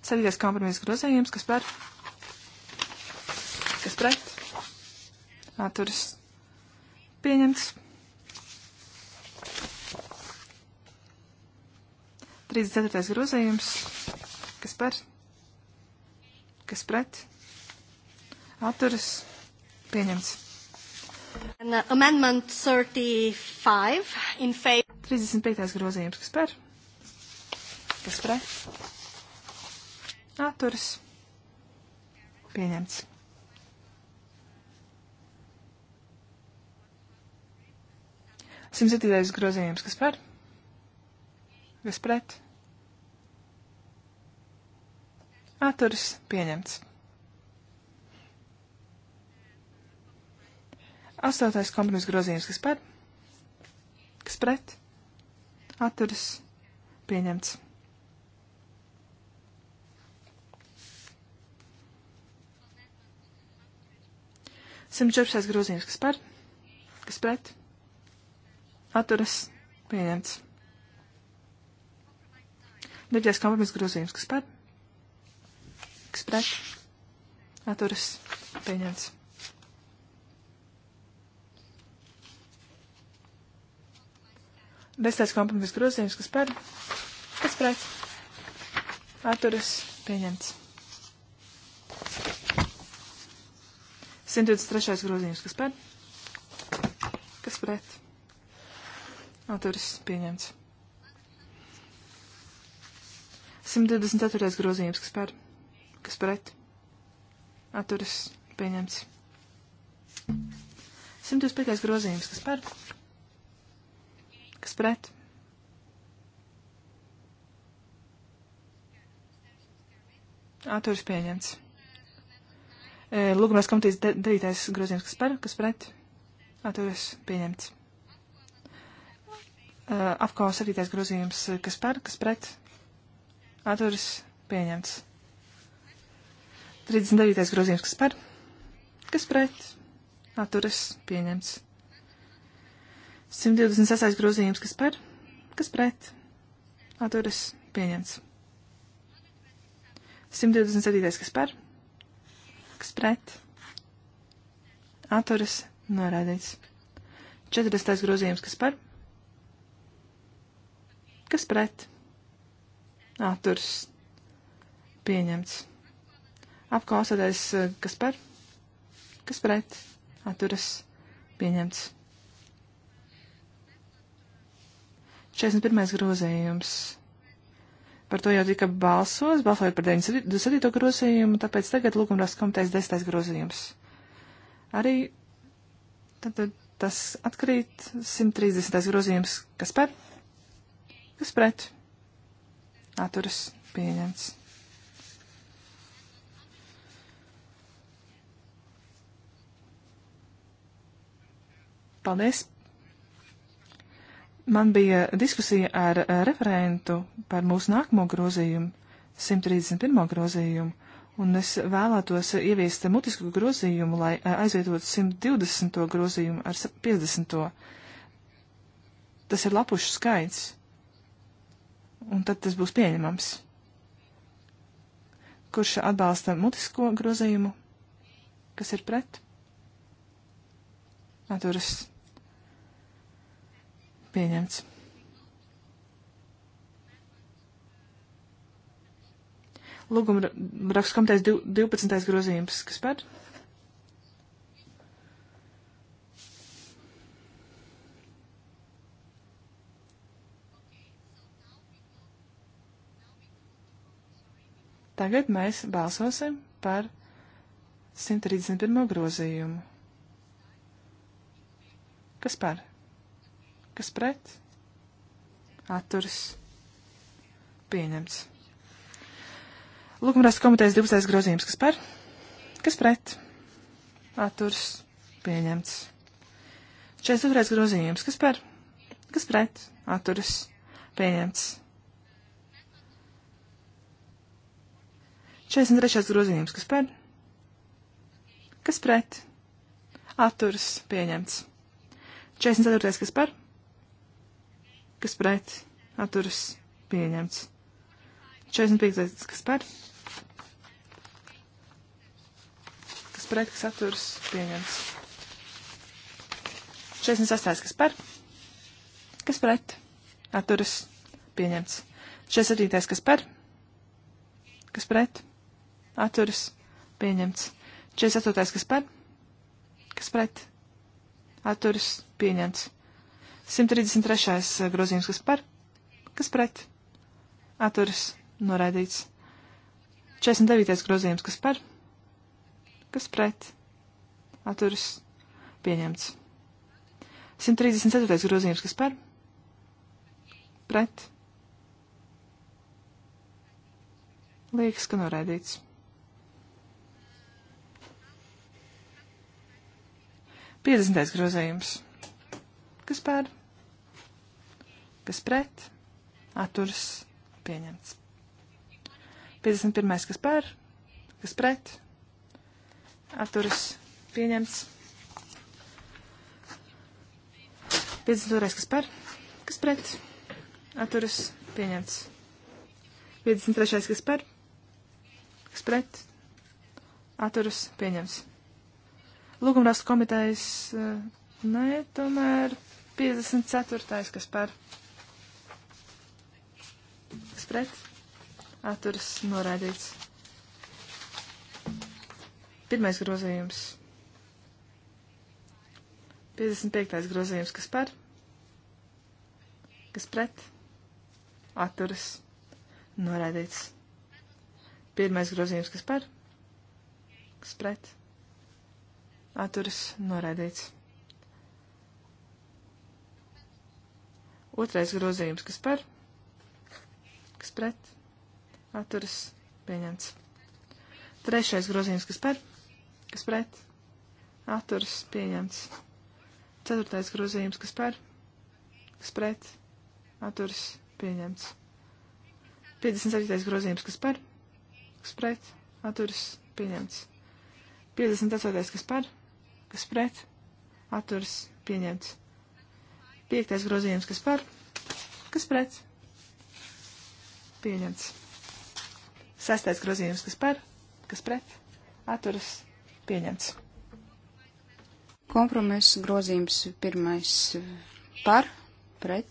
Ceļies kompromis grozījums, kas par, atturas pieņemts. 34. grozījums, kas par, kas pret, atturas pieņemts. And, uh, amendment 35 in favor. 35. grozījums, kas par, kas pret, atturas pieņemts. 107. grozījums, kas par? Kas pret? Atturis pieņemts. Astotais kompromis grozījums, kas par? Kas pret? Atturis pieņemts. Simt četrpadsmit grozījums, kas par? Kas pret? atturas pieņemts. Daļais kompromiss grozījums, kas par, kas pret, atturas pieņemts. Desmitais kompromiss grozījums, kas par, kas pret, atturas pieņemts. 123. grozījums, kas par, kas pret. Atturis pieņemts. 124. grozījums, kas par, kas pret, atturas pieņemts. 125. grozījums, kas par, kas pret. Atturas pieņemts. E, Lūgumās komitīs 9. grozījums, kas par, kas pret, atturas pieņemts. Uh, Apko 7. Uh, grozījums, kas par, kas pret, atturas pieņemts. 39. grozījums, kas par, kas pret, atturas pieņemts. 126. grozījums, kas par, kas pret, atturas pieņemts. 127. kas par, kas pret, atturas norādīts. 40. grozījums, kas par, Kas pret? Atturs. Pieņemts. Apklausoties, kas par? Kas pret? Atturas. Pieņemts. 41. grozējums. Par to jau tika balsos, balsojot par 97. grozījumu, tāpēc tagad lūgumrās komitejas 10. grozījums. Arī tad, tas atkrīt 130. grozījums, kas par Kas pret? Atturas pieņemts. Paldies! Man bija diskusija ar eh, referentu par mūsu nākamo grozījumu, 131. grozījumu, un es vēlētos ieviest mutisku grozījumu, lai eh, aizvietotu 120. grozījumu ar 50. Tas ir lapušu skaits un tad tas būs pieņemams. Kurš atbalsta mutisko grozījumu? Kas ir pret? Atturas. Pieņemts. Lūguma raksts komitejas 12. grozījums, kas pēd? Tagad mēs balsosim par 131. grozījumu. Kas par? Kas pret? Atturs. Pieņemts. Lūgumrasta komitejas 12. grozījums. Kas par? Kas pret? Atturs. Pieņemts. 42. grozījums. Kas par? Kas pret? Atturs. Pieņemts. 43. grozījums, kas par? Kas pret? Atturas pieņemts. 44. kas par? Kas pret? Atturas pieņemts. 45. kas par? Kas pret, kas atturas pieņemts. 48. kas par? Kas pret? Atturas pieņemts. 47. kas par? Kas pret? atturas pieņemts. 48. kas par, kas pret, atturas pieņemts. 133. Eh, grozījums, kas par, kas pret, atturas noraidīts. 49. grozījums, kas par, kas pret, atturas pieņemts. 134. grozījums, kas par, pret, Liekas, ka noraidīts. 50. grozījums. Kas pār? Kas pret? Atturas pieņemts. 51. kas pār? Kas pret? Atturas pieņemts. 52. kas pār? Kas pret? Atturas pieņemts. 53. kas pār? Kas pret? Atturas pieņemts. Lūgumrās komitejas, eh, nē, tomēr 54. kas par. Kas pret? Atturas noraidīts. Pirmais grozījums. 55. grozījums, kas par. Kas pret? Atturas noraidīts. Pirmais grozījums, kas par. Kas pret? atturas noraidīts. Otrais grozījums, kas par, kas pret, atturas pieņemts. Trešais grozījums, kas par, kas pret, atturas pieņemts. Ceturtais grozījums, kas par, kas pret, atturas pieņemts. 57. grozījums, kas par, kas pret, atturas pieņemts. 58. kas par, kas pret, atturas pieņemts. Piektais grozījums, kas par, kas pret, pieņemts. Sestais grozījums, kas par, kas pret, atturas pieņemts.
Kompromiss grozījums pirmais par, pret,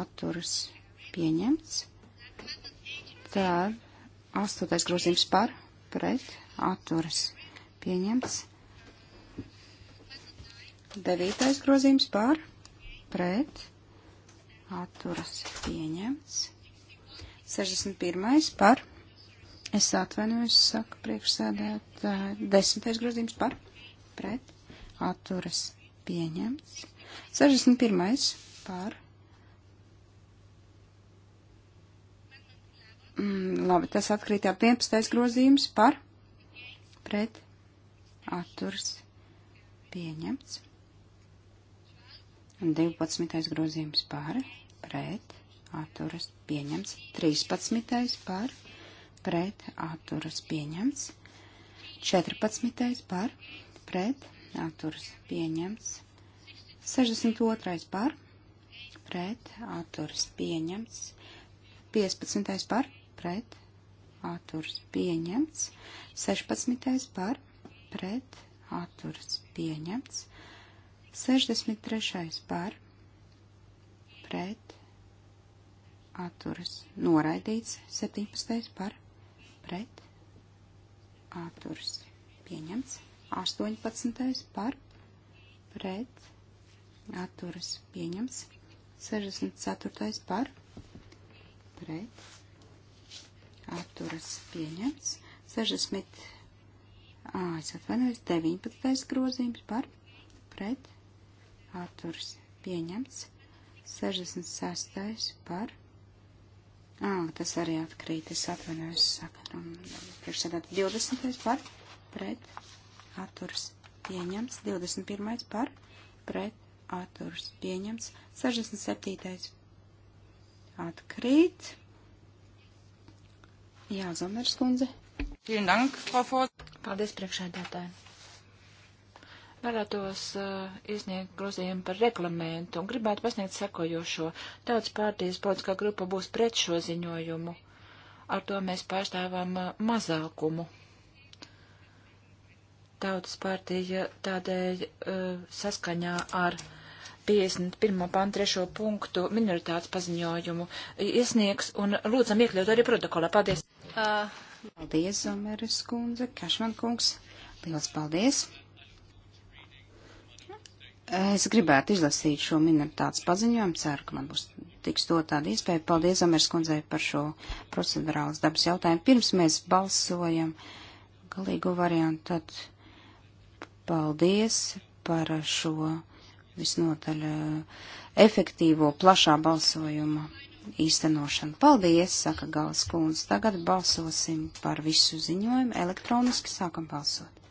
atturas pieņemts. Tad astotais grozījums par, pret, atturas pieņemts. Devītais grozījums par pret atturas pieņemts. 61. par es atvainojos, saka priekšsēdēt. Desmitais grozījums par pret atturas pieņemts. 61. par. Mm, labi, tas atkrīt jau 11. grozījums par pret atturas pieņemts. 12. grozījums par, pret, atturas pieņemts. 13. par, pret, atturas pieņemts. 14. par, pret, atturas pieņemts. 62. par, pret, atturas pieņemts. 15. par, pret, atturas pieņemts. 16. par, pret, atturas pieņemts. 63. par pret atturas noraidīts. 17. par pret atturas pieņemts. 18. par pret atturas pieņemts. 64. par pret atturas pieņemts 60 ā, es atvainojos 19. grozījums par pret atturs pieņemts. 66. par. Ā, tas arī atkrīt, es atvainojos, saka, un priekšsēdāt 20. par, pret, atturs pieņemts. 21. par, pret, atturs pieņemts. 67. atkrīt. Jā, Zomers kundze. Paldies, priekšsēdētāji.
Vēlētos uh, izniegt grozījumu par reglamentu un gribētu pasniegt sekojošo. Tautas pārties politiskā grupa būs pret šo ziņojumu. Ar to mēs pārstāvām uh, eh, mazākumu. Tautas partija tādēļ uh, saskaņā ar 51. pantu trešo punktu minoritātes paziņojumu iesniegs un lūdzam iekļaut arī protokolā. Paldies!
Uh.
Paldies, Zomeres kundze, Kašman kungs. Liels paldies! Es gribētu izlasīt šo minoritātes paziņojumu, ceru, ka man būs tiks dot tāda iespēja. Paldies, Amers kundzei, par šo procedurālas dabas jautājumu. Pirms mēs balsojam galīgo variantu, tad paldies par šo visnotaļ eh, efektīvo plašā balsojuma īstenošanu. Paldies, saka Galas kundze. Tagad balsosim par visu ziņojumu elektroniski. Sākam balsot.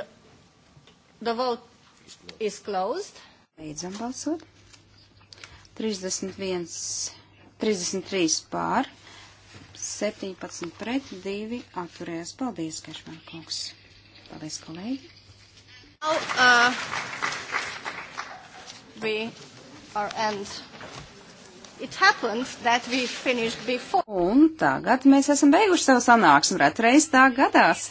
Da, da val is closed. Beidzam balsot. 31, 33 pār, 17 pret, 2 atturējās. Paldies, Kašmēr kungs. Paldies, kolēģi. Now, uh, we are end. It happens that we finished before. Un tagad mēs esam beiguši savu sanāksmi. Retreiz tā gadās.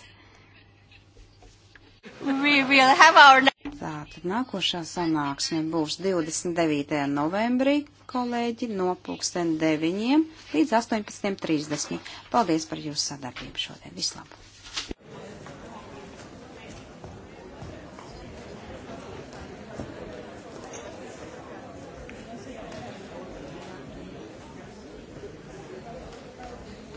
We will have our Tātad nākošā sanāksme būs 29. novembrī, kolēģi, no pulksten 9 līdz 18.30. Paldies par jūsu sadarbību šodien. Vislabāk!